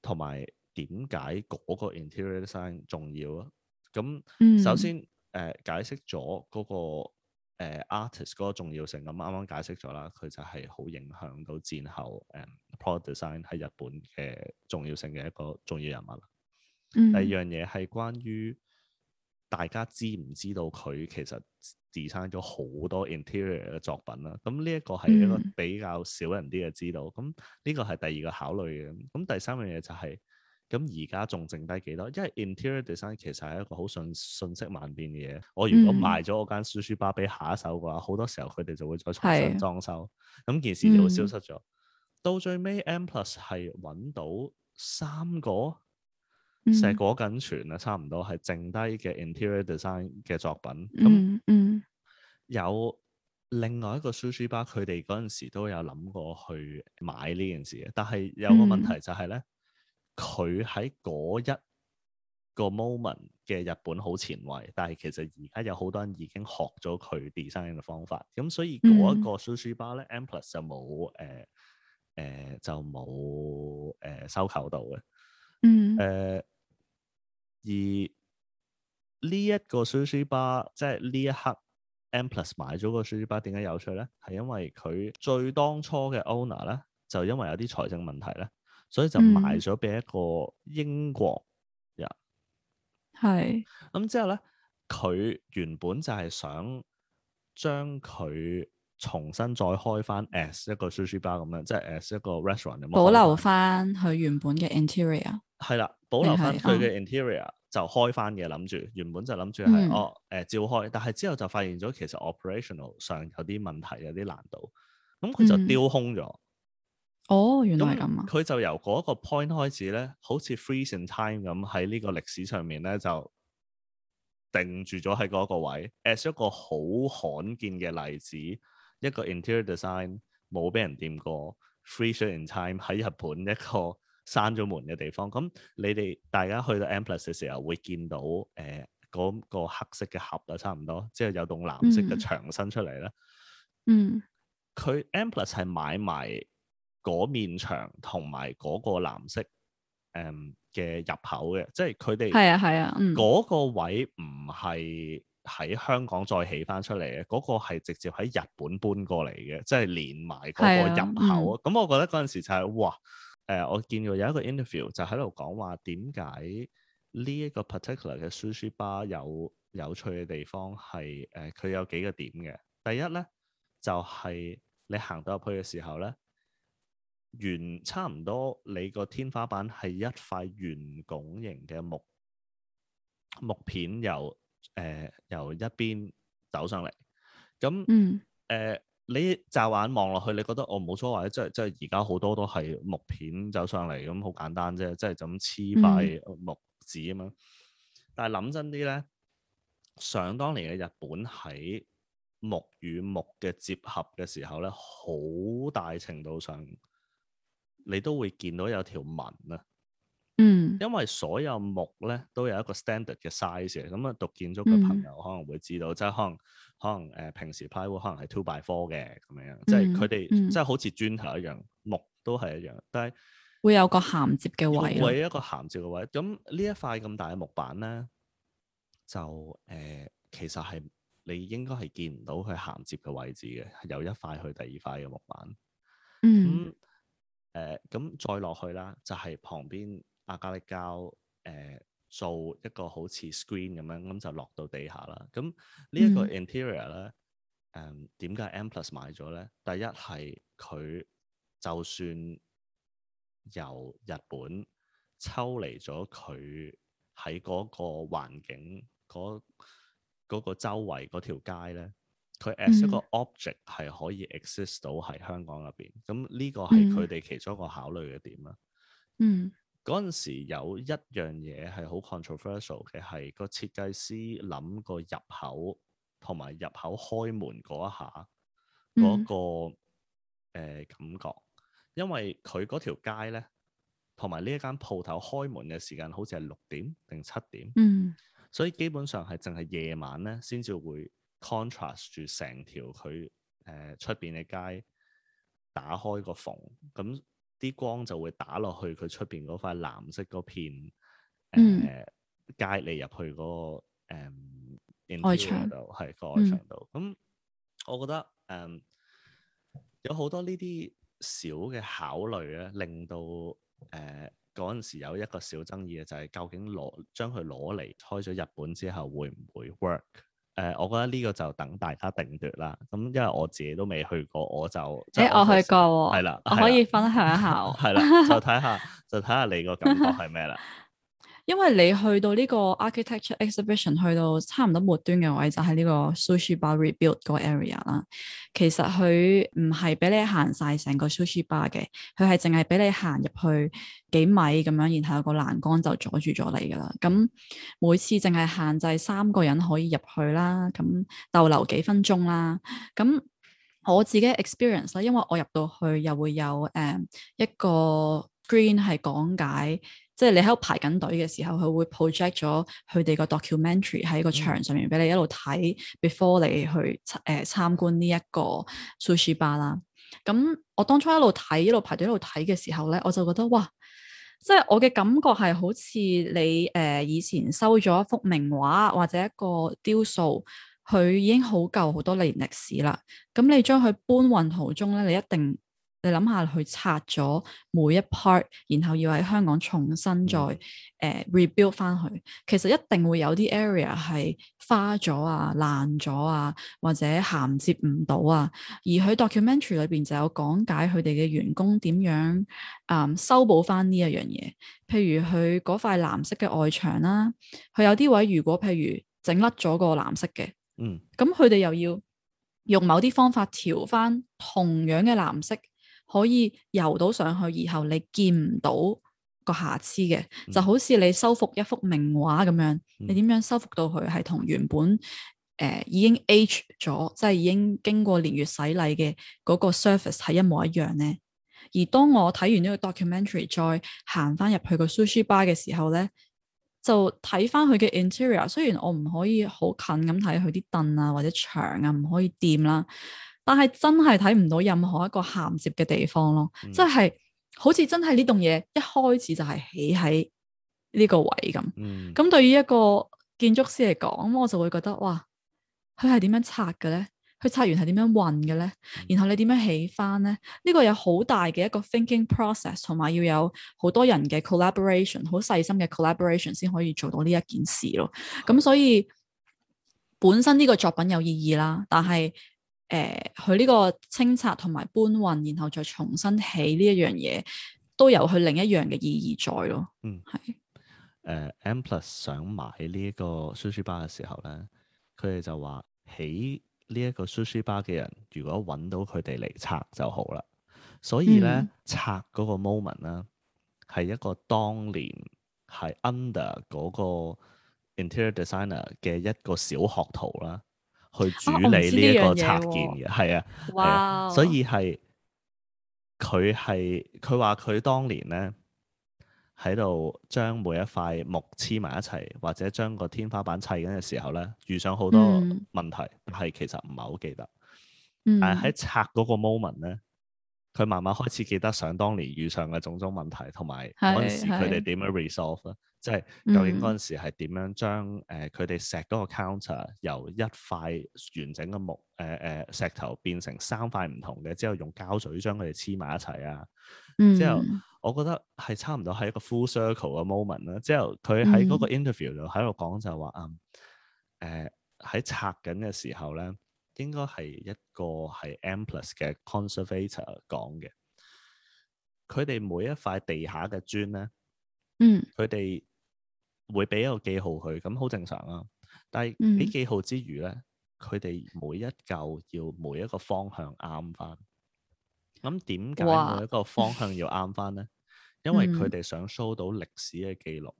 同埋。點解嗰個 interior design 重要啊？咁首先，誒、嗯呃、解釋咗嗰個誒 artist 嗰個重要性。咁啱啱解釋咗啦，佢就係好影響到戰後誒 product design 喺日本嘅重要性嘅一個重要人物啦。嗯、第二樣嘢係關於大家知唔知道佢其實 design 咗好多 interior 嘅作品啦。咁呢一個係一個比較少人啲嘅知道。咁呢、嗯、個係第二個考慮嘅。咁第三樣嘢就係、是。咁而家仲剩低幾多？因為 interior design 其實係一個好瞬瞬息萬變嘅嘢。嗯、我如果賣咗我間 sushi bar 俾下一手嘅話，好多時候佢哋就會再重新裝修。咁的件事就會消失咗。嗯、到最尾，M Plus 係揾到三個石果緊存啊，嗯、差唔多係剩低嘅 interior design 嘅作品。咁嗯，嗯有另外一個 sushi bar，佢哋嗰陣時都有諗過去買呢件事嘅，但係有個問題就係咧。嗯嗯佢喺嗰一個 moment 嘅日本好前衛，但係其實而家有好多人已經學咗佢 design 嘅方法，咁所以嗰一個 Sushi Bar 咧，M+ 就冇誒誒就冇誒收購到嘅。嗯。誒而呢一個 Sushi Bar，即係呢一刻 M+ 買咗個 Sushi Bar，點解有趣咧？係因為佢最當初嘅 owner 咧，就因為有啲財政問題咧。所以就賣咗俾一個英國人，係咁、嗯嗯、之後咧，佢原本就係想將佢重新再開翻、就是、as 一個 sushi bar 咁樣，即係 as 一個 restaurant 咁樣，保留翻佢原本嘅 interior。係、嗯、啦，保留翻佢嘅 interior 就開翻嘅，諗住原本就諗住係哦誒、呃、照開，但係之後就發現咗其實 operational 上有啲問題，有啲難度，咁佢就丟空咗。嗯嗯哦，原來係咁啊！佢、嗯、就由嗰一個 point 開始咧，好似 freeze in time 咁，喺呢個歷史上面咧就定住咗喺嗰一個位，as 一個好罕見嘅例子，一個 interior design 冇俾人掂過 ，freeze in time 喺日本一個閂咗門嘅地方。咁你哋大家去到 M+ 嘅時候會見到，誒、呃、嗰、嗰個黑色嘅盒啊，差唔多，即係有棟藍色嘅牆伸出嚟咧、嗯。嗯，佢 M+ 係買埋。嗰面牆同埋嗰個藍色誒嘅入口嘅，即係佢哋係啊係啊，嗰個位唔係喺香港再起翻出嚟嘅，嗰、啊嗯、個係直接喺日本搬過嚟嘅，即係連埋嗰個入口。咁、啊嗯、我覺得嗰陣時就係、是、哇誒、呃，我見到有一個 interview 就喺度講話點解呢一個 particular 嘅 sushi bar 有有趣嘅地方係誒，佢、呃、有幾個點嘅。第一咧就係、是、你行到入去嘅時候咧。圓差唔多，你個天花板係一塊圓拱形嘅木木片由，由、呃、誒由一邊走上嚟。咁誒、嗯呃，你乍眼望落去，你覺得我冇所謂，即係即係而家好多都係木片走上嚟，咁好簡單啫，即係就咁黐塊木紙吖嘛。嗯、但係諗真啲咧，想當年嘅日本喺木與木嘅結合嘅時候咧，好大程度上。你都會見到有條紋啊，嗯，因為所有木咧都有一個 standard 嘅 size 嘅、嗯，咁啊讀建築嘅朋友可能會知道，嗯、即係可能可能誒、呃、平時派會可能係 two by four 嘅咁樣，嗯、即係佢哋即係好似磚頭一樣，嗯、木都係一樣，但係會有個銜接嘅位咯，會有一個銜接嘅位。咁呢、嗯、一塊咁、嗯、大嘅木板咧，就誒、呃、其實係你應該係見唔到佢銜接嘅位置嘅，有一塊去第二塊嘅木板，嗯。嗯嗯誒咁、呃、再落去啦，就係、是、旁邊阿加力膠誒、呃、做一個好似 screen 咁樣，咁就落到地下啦。咁呢一個 interior 咧，誒點解 Mplus 買咗咧？第一係佢就算由日本抽離咗，佢喺嗰個環境、嗰、嗰個周圍嗰條街咧。佢 as 一個 object 係、嗯、可以 exist 到喺香港入邊，咁呢個係佢哋其中一個考慮嘅點啦。嗯，嗰陣時有一樣嘢係好 controversial 嘅，係個設計師諗個入口同埋入口開門嗰一下嗰、嗰個、嗯呃、感覺，因為佢嗰條街咧同埋呢一間鋪頭開門嘅時間好似係六點定七點，嗯，所以基本上係淨係夜晚咧先至會。Contrast 住成條佢誒出、呃、邊嘅街，打開個縫，咁、嗯、啲、嗯、光就會打落去佢出邊嗰塊藍色嗰片誒、呃嗯、街嚟入去嗰、那個誒、呃、外牆度，係個外牆度。咁、嗯嗯嗯、我覺得誒、嗯、有好多呢啲小嘅考慮咧，令到誒嗰陣時有一個小爭議嘅就係、是、究竟攞將佢攞嚟開咗日本之後會唔會 work？誒、呃，我覺得呢個就等大家定奪啦。咁、嗯、因為我自己都未去過，我就誒，欸、我就，我去過喎、啊，係啦，我可以分享一下，係啦，啦 就睇下，就睇下你個感覺係咩啦。 因為你去到呢個 architecture exhibition，去到差唔多末端嘅位就係、是、呢個 sushi bar rebuild 個 area 啦。其實佢唔係俾你行晒成個 sushi bar 嘅，佢係淨係俾你行入去幾米咁樣，然後有個欄杆就阻住咗你噶啦。咁每次淨係限制三個人可以入去啦，咁逗留幾分鐘啦。咁我自己 experience 啦，因為我入到去又會有誒、呃、一個 green 係講解。即係你喺度排緊隊嘅時候，佢會 project 咗佢哋個 documentary 喺個牆上面俾你一路睇，before 你去誒、呃、參觀呢一個 sushi bar 啦。咁我當初一路睇，一路排隊，一路睇嘅時候咧，我就覺得哇！即係我嘅感覺係好似你誒、呃、以前收咗一幅名畫或者一個雕塑，佢已經好舊好多年歷史啦。咁你將佢搬運途中咧，你一定～你諗下，去拆咗每一 part，然後要喺香港重新再誒、呃、rebuild 翻佢，其實一定會有啲 area 係花咗啊、爛咗啊，或者銜接唔到啊。而佢 documentary 裏邊就有講解佢哋嘅員工點樣誒、嗯、修補翻呢一樣嘢，譬如佢嗰塊藍色嘅外牆啦、啊，佢有啲位如果譬如整甩咗個藍色嘅，嗯，咁佢哋又要用某啲方法調翻同樣嘅藍色。可以游到上去，以後你見唔到個瑕疵嘅，嗯、就好似你修復一幅名畫咁樣，嗯、你點樣修復到佢係同原本誒、呃、已經 age 咗，即、就、係、是、已經經過年月洗禮嘅嗰個 surface 係一模一樣呢？而當我睇完呢個 documentary，再行翻入去個 Sushi Bar 嘅時候咧，就睇翻佢嘅 interior。雖然我唔可以好近咁睇佢啲凳啊或者牆啊，唔可以掂啦。但係真係睇唔到任何一個銜接嘅地方咯，即係、嗯就是、好似真係呢棟嘢，一開始就係起喺呢個位咁。咁、嗯、對於一個建築師嚟講，我就會覺得，哇，佢係點樣拆嘅咧？佢拆完係點樣運嘅咧？嗯、然後你點樣起翻咧？呢、呢個有好大嘅一個 thinking process，同埋要有好多人嘅 collaboration，好細心嘅 collaboration 先可以做到呢一件事咯。咁好所以本身呢個作品有意義啦，但係。誒，佢呢、呃、個清拆同埋搬運，然後再重新起呢一樣嘢，都有佢另一樣嘅意義在咯。嗯，係是。誒 a、uh, M+ 想買呢一個 Sushi Bar 嘅時候咧，佢哋就話起呢一個 Sushi Bar 嘅人，如果揾到佢哋嚟拆就好啦。所以咧，嗯、拆嗰個 moment 啦，係一個當年係 under 嗰個 interior designer 嘅一個小學徒啦。去處理呢一個拆件嘅，係啊，Wow. 所以係佢係佢話佢當年咧喺度將每一塊木黐埋一齊，或者將個天花板砌緊嘅時候咧，遇上好多問題，係、mm hmm. 其實唔係好記得，mm hmm. 但係喺拆嗰個 moment 咧，佢慢慢開始記得，想當年遇上嘅種種問題，同埋嗰陣時佢哋點樣 resolve 嘅。即係究竟嗰陣時係點樣將佢哋石嗰個 counter 由一塊完整嘅木誒誒、呃、石頭變成三塊唔同嘅之、嗯、之後，用膠水將佢哋黐埋一齊啊！之後我覺得係差唔多係一個 full circle 嘅 moment 啦。之後佢喺嗰個 interview 度喺度講就話啊誒喺拆緊嘅時候咧，應該係一個係 M+ 嘅 conservator 講嘅，佢哋每一塊地下嘅磚咧，嗯，佢哋。會俾一個記號佢，咁好正常啊。但係俾記號之餘咧，佢哋、嗯、每一嚿要每一個方向啱翻。咁點解每一個方向要啱翻咧？哇因為佢哋想 show 到歷史嘅記錄。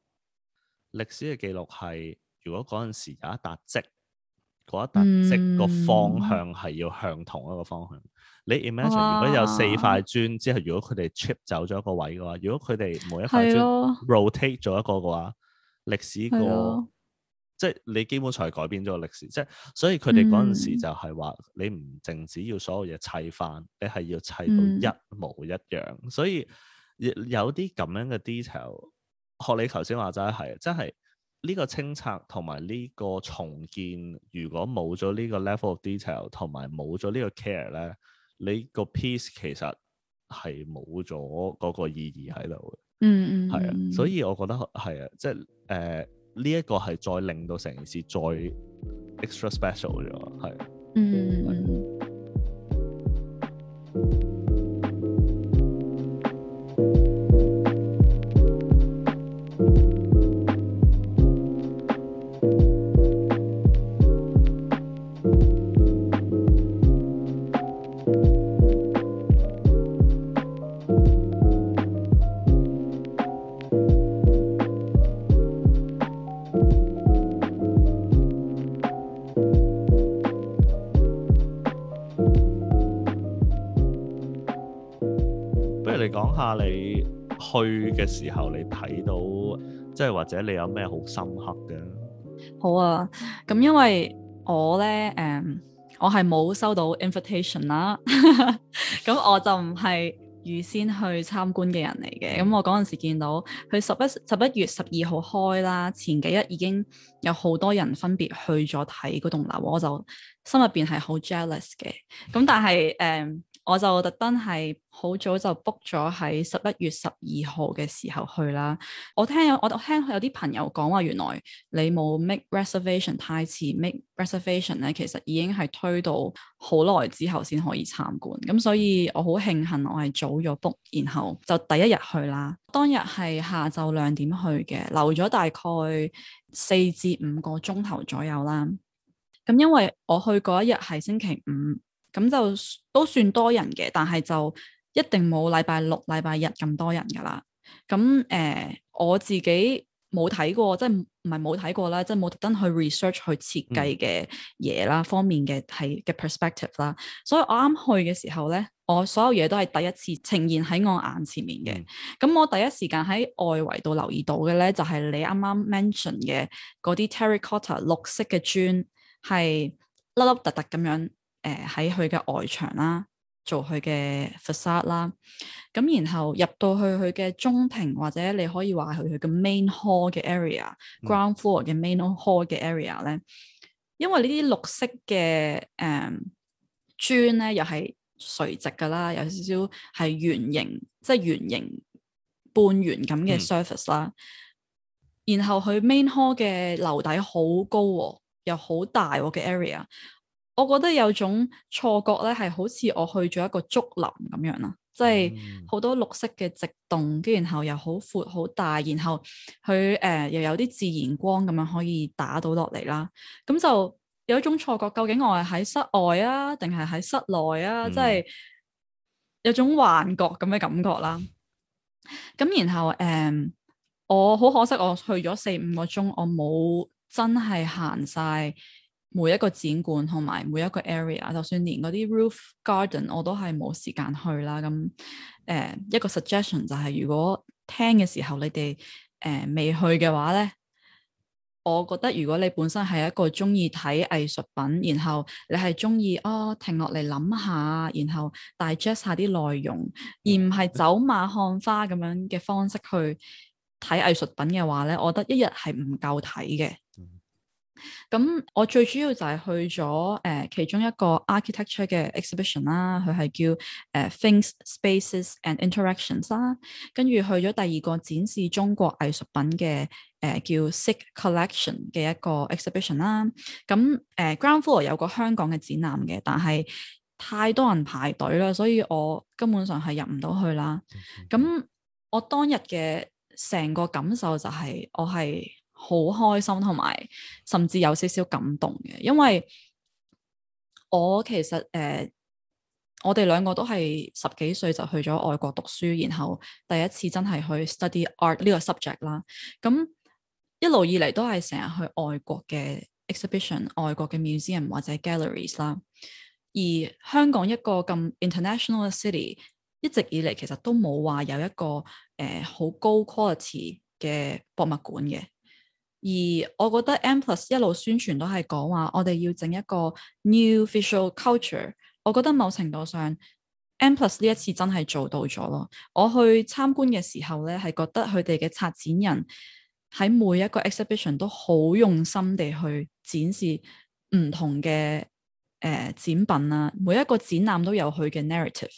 歷、嗯、史嘅記錄係如果嗰陣時有一笪積，嗰、嗯、一笪積個方向係要向同一個方向。你 imagine 哇如果有四塊磚之後，如果佢哋 chip 走咗一個位嘅話，如果佢哋每一塊磚 rotate 咗一個嘅話。歷史個的即係你基本就係改變咗個歷史，即係所以佢哋嗰陣時就係話、嗯、你唔淨止要所有嘢砌翻，嗯、你係要砌到一模一樣。嗯、所以有啲咁樣嘅 detail，學你頭先話齋係，真係呢個清拆同埋呢個重建，如果冇咗呢個 level of detail 同埋冇咗呢個 care 咧，你個 piece 其實係冇咗嗰個意義喺度。嗯嗯，係啊、mm hmm.，所以我覺得係啊，即係誒呢一個係再令到成件事再 extra special 咗，係嗯。去嘅時候，你睇到即係或者你有咩好深刻嘅？好啊，咁因為我咧，誒、嗯，我係冇收到 invitation 啦，咁 我就唔係預先去參觀嘅人嚟嘅。咁我嗰陣時見到佢十一十一月十二號開啦，前幾日已經有好多人分別去咗睇嗰棟樓，我就心入面係好 jealous 嘅。咁但係，誒、嗯。我就特登係好早就 book 咗喺十一月十二號嘅時候去啦。我聽有我我聽有啲朋友講話，原來你冇 make reservation 太遲 make reservation 咧，其實已經係推到好耐之後先可以參觀。咁所以我好慶幸我，我係早咗 book，然後就第一日去啦。當日係下晝兩點去嘅，留咗大概四至五個鐘頭左右啦。咁因為我去嗰一日係星期五。咁就都算多人嘅，但係就一定冇禮拜六、禮拜日咁多人噶啦。咁誒，呃，我自己冇睇過，即係唔係冇睇過啦，即係冇特登去 research 去設計嘅嘢啦，方面嘅係嘅 perspective 啦。所以我啱去嘅時候咧，我所有嘢都係第一次呈現喺我眼前面嘅。咁我第一時間喺外圍度留意到嘅咧，就係、是、你啱啱 mention 嘅嗰啲 terracotta 綠色嘅磚，係凹凹凸凸咁樣。誒喺佢嘅外牆啦，做佢嘅 facade 啦，咁然後入到去佢嘅中庭或者你可以話佢佢嘅 main hall 嘅 area，ground、嗯、floor 嘅 main hall 嘅 area 咧，因為呢啲綠色嘅誒、嗯、磚咧又係垂直嘅啦，有少少係圓形，即、就、係、是、圓形半圓咁嘅 surface 啦。嗯、然後佢 main hall 嘅樓底好高，啊，又好大嘅 area。我覺得有種錯覺咧，係好似我去咗一個竹林咁樣啦，即係好多綠色嘅直洞，跟然後又好闊好大，然後佢誒、呃、又有啲自然光咁樣可以打到落嚟啦。咁就有一種錯覺，究竟我係喺室外啊，定係喺室內啊？即係、嗯、有種幻覺咁嘅感覺啦。咁然後誒、呃，我好可惜，我去咗四五個鐘，我冇真係行晒。每一個展館同埋每一個 area，就算連嗰啲 roof garden 我都係冇時間去啦。咁誒、呃、一個 suggestion 就係、是，如果聽嘅時候你哋誒、呃、未去嘅話咧，我覺得如果你本身係一個鍾意睇藝術品，然後你係鍾意哦停落嚟諗下想想，然後 digest 下啲內容，而唔係走馬看花咁樣嘅方式去睇藝術品嘅話咧，我覺得一日係唔夠睇嘅。咁我最主要就係去咗誒、呃、其中一個 architecture 嘅 exhibition 啦，佢係叫誒、呃、Things, Spaces and Interactions 啦，跟住去咗第二個展示中國藝術品嘅誒、呃、叫 Sigg collection 嘅一個 exhibition 啦。咁誒、呃、ground floor 有個香港嘅展覽嘅，但係太多人排隊啦，所以我根本上係入唔到去啦。咁、嗯嗯、我當日嘅成個感受就係我係。好開心，同埋甚至有少少感動嘅，因為我其實誒，uh, 我哋兩個都係十幾歲就去咗外國讀書，然後第一次真係去 study art 呢個 subject 啦。咁一路以嚟都係成日去外國嘅 exhibition、外國嘅 museum 或者 galleries 啦。而香港一個咁 international city，一直以嚟其實都冇話有，有一個誒好、uh, 高 quality 嘅博物館嘅。而我覺得 Mplus 一路宣傳都係講話，我哋要整一個 new visual culture。我覺得某程度上，Mplus 呢一次真係做到咗咯。我去參觀嘅時候咧，係覺得佢哋嘅策展人喺每一個 exhibition 都好用心地去展示唔同嘅誒、呃、展品啦，每一個展覽都有佢嘅 narrative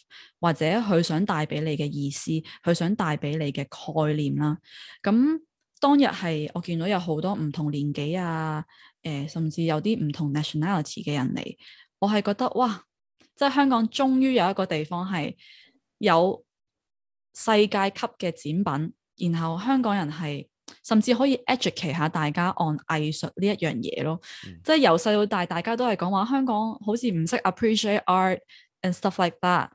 或者佢想帶俾你嘅意思，佢想帶俾你嘅概念啦。咁當日係我見到有好多唔同年紀啊，誒、呃，甚至有啲唔同 nationality 嘅人嚟，我係覺得哇，即係香港終於有一個地方係有世界級嘅展品，然後香港人係甚至可以 educate 下大家 on 藝術呢一樣嘢咯，嗯、即係由細到大大家都係講話香港好似唔識 appreciate art and stuff like that，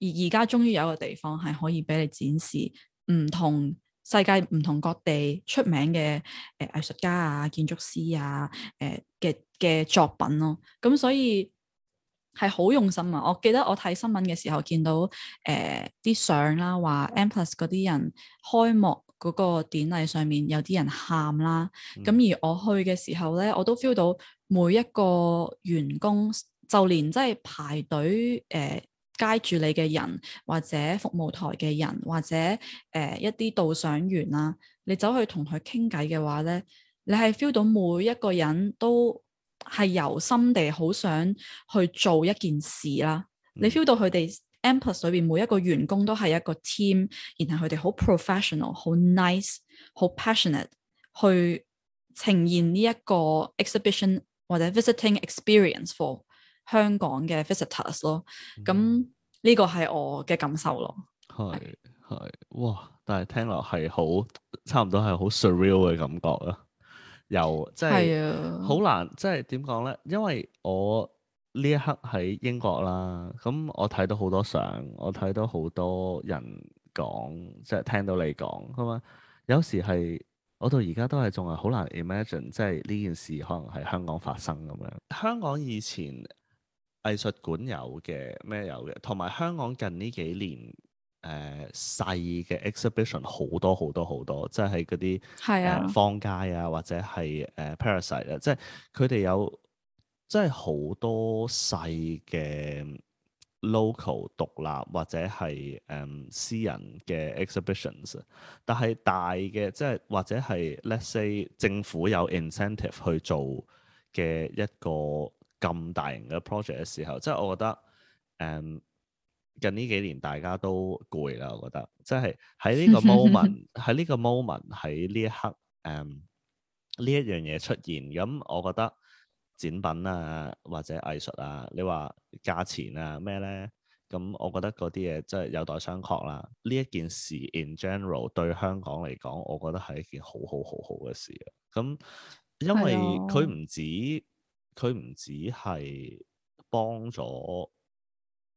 而而家終於有一個地方係可以俾你展示唔同。世界唔同各地出名嘅誒、呃、藝術家啊、建築師啊、誒嘅嘅作品咯，咁所以係好用心啊！我記得我睇新聞嘅時候見到誒啲相啦，話 M+ 嗰啲人開幕嗰個典禮上面有啲人喊啦，咁、嗯、而我去嘅時候咧，我都 feel 到每一個員工，就連即係排隊誒。呃街住你嘅人，或者服務台嘅人，或者誒、呃、一啲導賞員啦、啊，你走去同佢傾偈嘅話咧，你係 feel 到每一個人都係由心地好想去做一件事啦。Mm hmm. 你 feel 到佢哋 M+ 裏邊每一個員工都係一個 team，然後佢哋好 professional、好 nice、好 passionate 去呈現呢一個 exhibition 或者 visiting experience for 香港嘅 visitors 咯，咁呢個係我嘅感受咯。係、係、嗯、係哇，但係聽落係好差唔多係好 surreal 嘅感覺啦。又即係好難，即係點講咧？因為我呢一刻喺英國啦，咁我睇到好多相，我睇到好多人講，即係聽到你講，咁啊，有時係我到而家都係仲係好難 imagine，即係呢件事可能喺香港發生咁樣。香港以前。藝術館有嘅咩有嘅，同埋香港近呢幾年誒、呃、細嘅 exhibition 好多好多好多，即係喺嗰啲坊街啊，或者係誒、呃、Parasite 啊，即係佢哋有即係好多細嘅 local 獨立或者係誒、呃、私人嘅 exhibitions，但係大嘅即係或者係 let's say 政府有 incentive 去做嘅一個咁大型嘅 project 嘅時候，即係我覺得，誒、嗯，近呢幾年大家都攰啦，我覺得，即係喺呢個 moment，喺呢個 moment，喺呢一刻，誒、嗯，呢一樣嘢出現，咁我覺得展品啊，或者藝術啊，你話價錢啊，咩咧，咁我覺得嗰啲嘢即係有待商榷啦。呢一件事 in general 對香港嚟講，我覺得係一件好好好好嘅事啊。咁因為佢唔止、哦。佢唔止係幫咗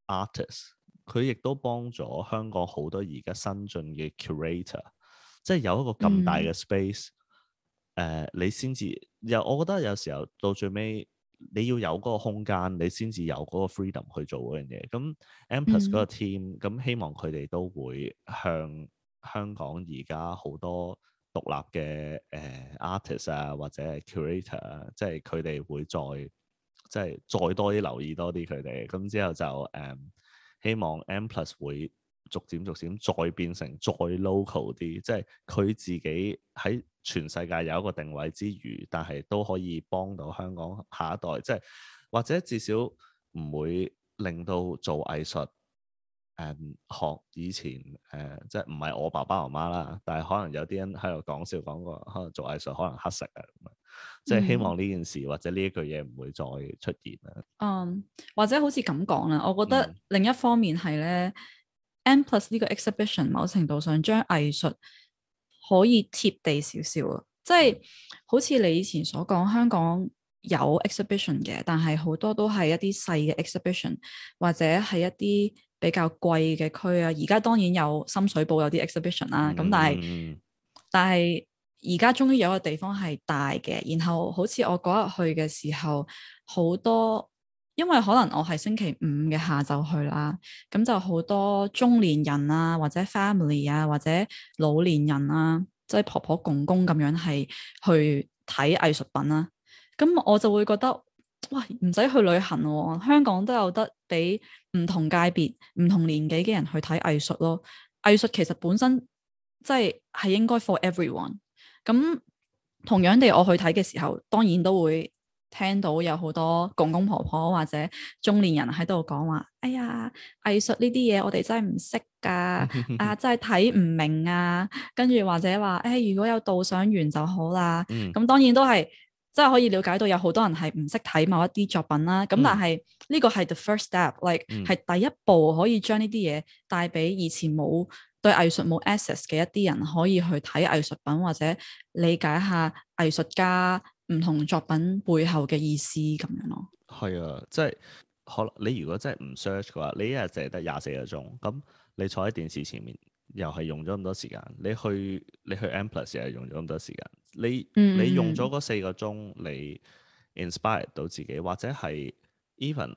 artist，佢亦都幫咗香港好多而家新進嘅 curator，即係有一個咁大嘅 space，誒，你先至有。又我覺得有時候到最尾，你要有個空間，你先至有嗰個 freedom 去做嗰樣嘢。咁 Empress 嗰個 team，咁希望佢哋都會向香港而家好多。獨立嘅誒、uh, artist 啊，或者 curator 啊，即係佢哋會再即係再多啲留意多啲佢哋，咁之後就誒、um, 希望 M plus 會逐漸逐漸再變成再 local 啲，即係佢自己喺全世界有一個定位之餘，但係都可以幫到香港下一代，即係或者至少唔會令到做藝術。誒、嗯、學以前誒、呃，即係唔係我爸爸媽媽啦？但係可能有啲人喺度講笑講過，可能做藝術可能乞食啊，即係希望呢件事、嗯、或者呢一句嘢唔會再出現啦。嗯，或者好似咁講啦，我覺得另一方面係咧，M+ 呢個 exhibition 某程度上將藝術可以貼地少少啊，即、就、係、是、好似你以前所講，香港有 exhibition 嘅，但係好多都係一啲細嘅 exhibition，或者係一啲。比較貴嘅區啊，而家當然有深水埗有啲 exhibition 啦、啊，咁、mm hmm. 但係但係而家終於有個地方係大嘅，然後好似我嗰日去嘅時候，好多因為可能我係星期五嘅下晝去啦，咁就好多中年人啊，或者 family 啊，或者老年人啊，即係婆婆公公咁樣係去睇藝術品啦、啊，咁我就會覺得。喂，唔使去旅行喎、啊，香港都有得俾唔同界別、唔同年紀嘅人去睇藝術咯。藝術其實本身即係係應該 for everyone。咁、嗯、同樣地，我去睇嘅時候，當然都會聽到有好多公公婆婆婆或者中年人喺度講話：哎呀，藝術呢啲嘢我哋真係唔識噶， 啊，真係睇唔明啊。跟住或者話，誒、哎，如果有導賞員就好啦。咁、嗯、當然都係。真係可以了解到有好多人係唔識睇某一啲作品啦，咁、嗯、但係呢個係 the first step，like 係、嗯、第一步可以將呢啲嘢帶俾以前冇對藝術冇 access 嘅一啲人，可以去睇藝術品或者理解下藝術家唔同作品背後嘅意思咁樣咯。係啊，即、就、係、是、可能你如果真係唔 search 嘅話，你一日淨係得廿四個鐘，咁你坐喺電視前面。又係用咗咁多時間，你去你去 M plus 又係用咗咁多時間，你你用咗嗰四個鐘，嚟 inspire 到自己，或者係 even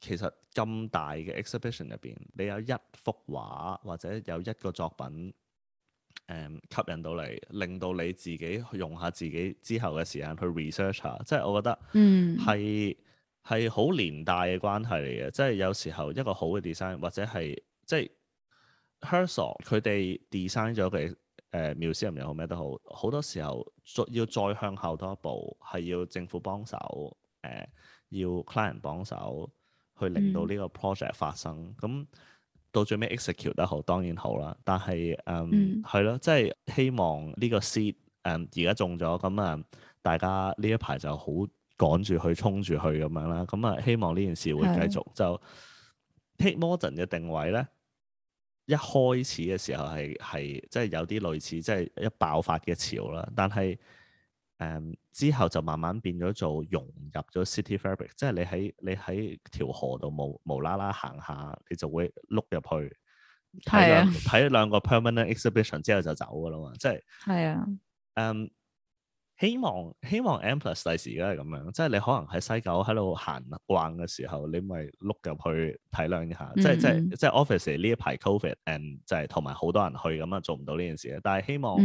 其實咁大嘅 exhibition 入邊，你有一幅畫或者有一個作品，嗯，吸引到你，令到你自己用下自己之後嘅時間去 research 下，即係我覺得，嗯，係係好連帶嘅關係嚟嘅，即係有時候一個好嘅 design 或者係即係。Herzog 佢哋 design 咗嘅誒 museum 又好咩都好，好多時候要再向後多一步，係要政府幫手，誒、呃、要 client 幫手去令到呢個 project 發生。咁、嗯嗯、到最尾 execute 得好當然好啦，但係嗯係咯，即係、嗯就是、希望呢個 seed 而家中咗咁啊，大家呢一排就好趕住去衝住去咁樣啦。咁、嗯、啊、嗯，希望呢件事會繼續、嗯、就 Tate Modern 嘅定位咧。一開始嘅時候係係即係有啲類似即係一爆發嘅潮啦，但係誒、嗯、之後就慢慢變咗做融入咗 city fabric，即係你喺你喺條河度無無啦啦行下，你就會碌入去睇睇兩，係啊、兩個 permanent exhibition 之後就走噶啦嘛，即係係啊。Um, 希望希望 M+ 第時而家係咁樣，即係你可能喺西九喺度行慣嘅時候，你咪碌入去體諒一下。嗯、即係即係即係 office 呢一排 COVID，and 就係同埋好多人去咁啊，樣做唔到呢件事咧。但係希望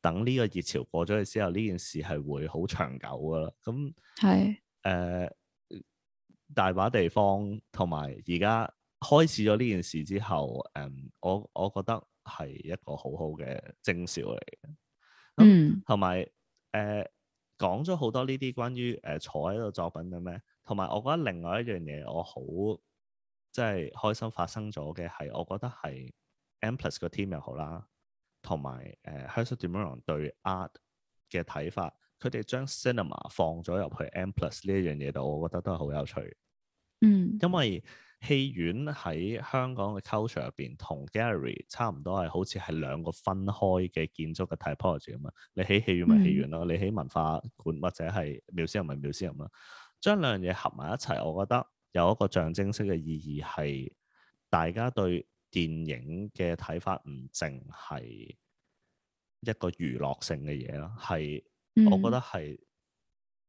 等呢個熱潮過咗去之後，呢、嗯、件事係會好長久噶啦。咁係誒，大把地方同埋而家開始咗呢件事之後，誒、嗯，我我覺得係一個好好嘅徵兆嚟嘅。嗯，同埋、嗯。誒、呃、講咗好多呢啲關於誒、呃、坐喺度作品嘅咩，同埋我覺得另外一樣嘢我好即係開心發生咗嘅係，我覺得係 M、呃、plus 個 team 又好啦，同埋誒 Herzog & de Meuron 對 art 嘅睇法，佢哋將 cinema 放咗入去 M+ 呢一樣嘢度，我覺得都係好有趣。嗯，因為。戲院喺香港嘅 culture 入邊，同 gallery 差唔多，係好似係兩個分開嘅建築嘅 typology 咁啊。你起戲院咪戲院咯，嗯、你起文化館或者係廟先人咪廟先人啦。將兩樣嘢合埋一齊，我覺得有一個象徵式嘅意義係，大家對電影嘅睇法唔淨係一個娛樂性嘅嘢啦，係、嗯、我覺得係。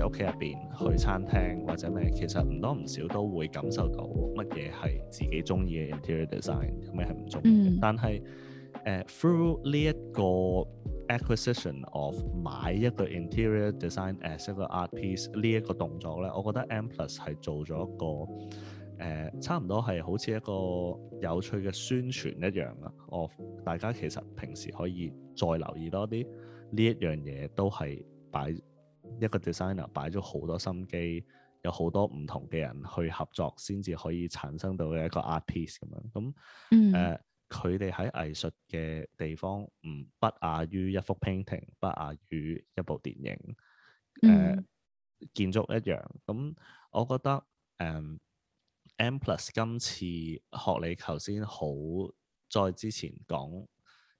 喺屋企入邊去餐廳或者咩，其實唔多唔少都會感受到乜嘢係自己中意嘅 interior design，咁咩係唔中意。嗯。但係誒，through 呢一個 acquisition of 買一個 interior design as 一個 art piece 呢一個動作咧，我覺得 M+ 係做咗一個誒、呃，差唔多係好似一個有趣嘅宣傳一樣啦。我、哦、大家其實平時可以再留意多啲呢一樣嘢，都係擺。一個 designer 擺咗好多心機，有好多唔同嘅人去合作，先至可以產生到嘅一個 art piece 咁樣。咁誒，佢哋喺藝術嘅地方唔不亞於一幅 painting，不亞於一部電影，誒、呃嗯、建築一樣。咁我覺得誒、呃、M plus 今次學你頭先好，在之前講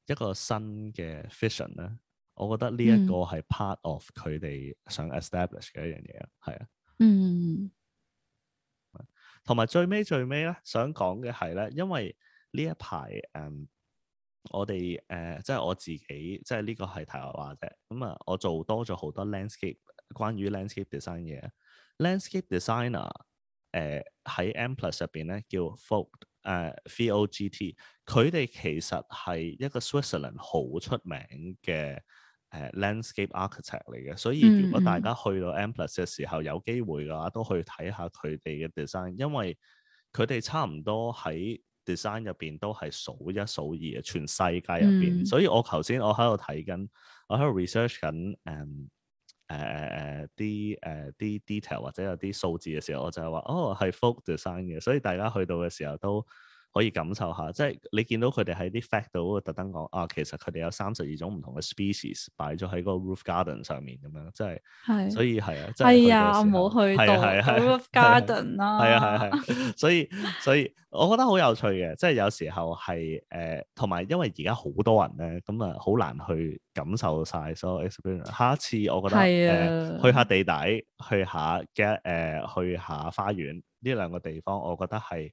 一個新嘅 vision 咧。我覺得呢一個係 part of 佢哋想 establish 嘅一樣嘢啊，啊、嗯，嗯，同埋最尾最尾咧，想講嘅係咧，因為呢一排誒，我哋誒，即係我自己，即係呢個係題外話啫。咁、嗯、啊，我做多咗好多 landscape，關於 landscape design 嘢，landscape designer，誒、呃、喺 M plus 入邊咧叫 Vogt 誒 V O G T，佢哋其實係一個 Switzerland 好出名嘅。誒 landscape architect 嚟嘅，所以如果大家去到 M+ 嘅時候有機會嘅話，都去睇下佢哋嘅 design，因為佢哋差唔多喺 design 入邊都係數一數二嘅全世界入邊，所以我頭先我喺度睇緊，我喺度 research 緊，誒誒誒啲誒啲 detail 或者有啲數字嘅時候，我就係話，哦，係 Vogt design 嘅，所以大家去到嘅時候都。可以感受下，即係你見到佢哋喺啲 fact 度特登講啊，其實佢哋有三十二種唔同嘅 species 擺咗喺個 roof garden 上面咁樣，即係，所以係啊，係啊，冇去多啲 roof garden 啦，係啊係係，所以所以我覺得好有趣嘅，即係有時候係誒，同、呃、埋因為而家好多人咧，咁啊好難去感受晒所有 experience。下一次我覺得誒、啊呃、去下地底，去下嘅誒、呃、去下花園呢兩個地方，我覺得係誒。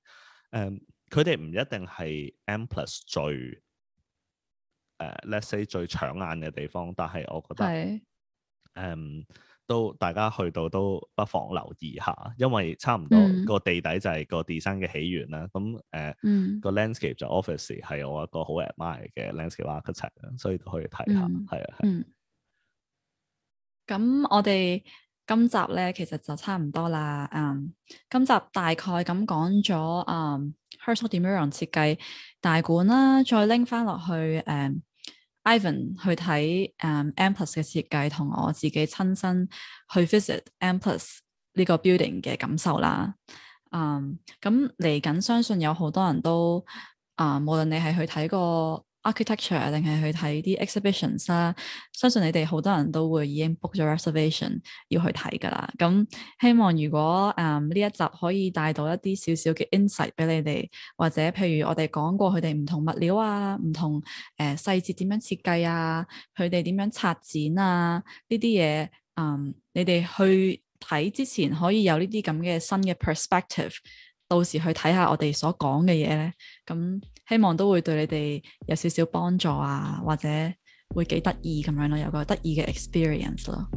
呃佢哋唔一定係 M+ 最誒、uh,，let's say 最搶眼嘅地方，但係我覺得誒的、嗯，都大家去到都不妨留意下，因為差唔多個地底就係個 design 嘅起源啦。咁誒，個 landscape 就 office 係我一個好 admire 嘅 landscape architect，所以都可以睇下，係啊，嗯。咁、uh, 嗯、我哋。今集咧，其實就差唔多啦。嗯、um,，今集大概咁講咗，嗯、um,，Herzog & de Meuron 設計大館啦，再拎翻落去，誒、um,，Ivan 去睇，嗯、um, M+ 嘅設計同我自己親身去 visit M+ 呢個 building 嘅感受啦。嗯，咁嚟緊相信有好多人都，啊，無論你係去睇過 architecture 定係去睇啲 exhibitions 啦、啊，相信你哋好多人都會已經 book 咗 reservation 要去睇㗎啦。咁、嗯、希望如果誒呢、嗯、一集可以帶到一啲少少嘅 insight 俾你哋，或者譬如我哋講過佢哋唔同物料啊、唔同誒細節點樣設計啊、佢哋點樣策展啊呢啲嘢，嗯，你哋去睇之前可以有呢啲咁嘅新嘅 perspective，到時去睇下我哋所講嘅嘢咧，咁、嗯。希望都會對你哋有少少幫助啊，或者會幾得意咁樣的咯，有個得意嘅 experience 咯。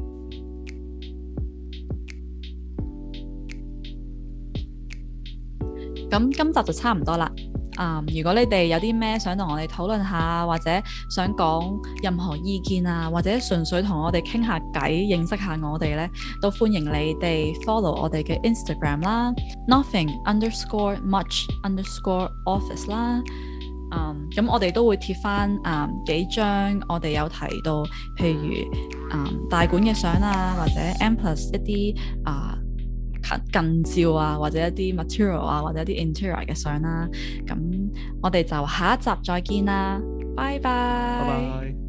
咁今集就差唔多啦。啊，um, 如果你哋有啲咩想同我哋討論下，或者想講任何意見啊，或者純粹同我哋傾下偈、認識下我哋咧，都歡迎你哋 follow 我哋嘅 Instagram 啦，nothing underscore much underscore office 啦。嗯，咁、 um, 我哋都會貼翻啊、um, 幾張我哋有提到，譬如啊、um, 大館嘅相啊，或者 M+ 一啲啊。Uh, 近照啊，或者一啲 material 啊，或者一啲 interior 嘅相啦，咁我哋就下一集再見啦，拜拜。Bye bye.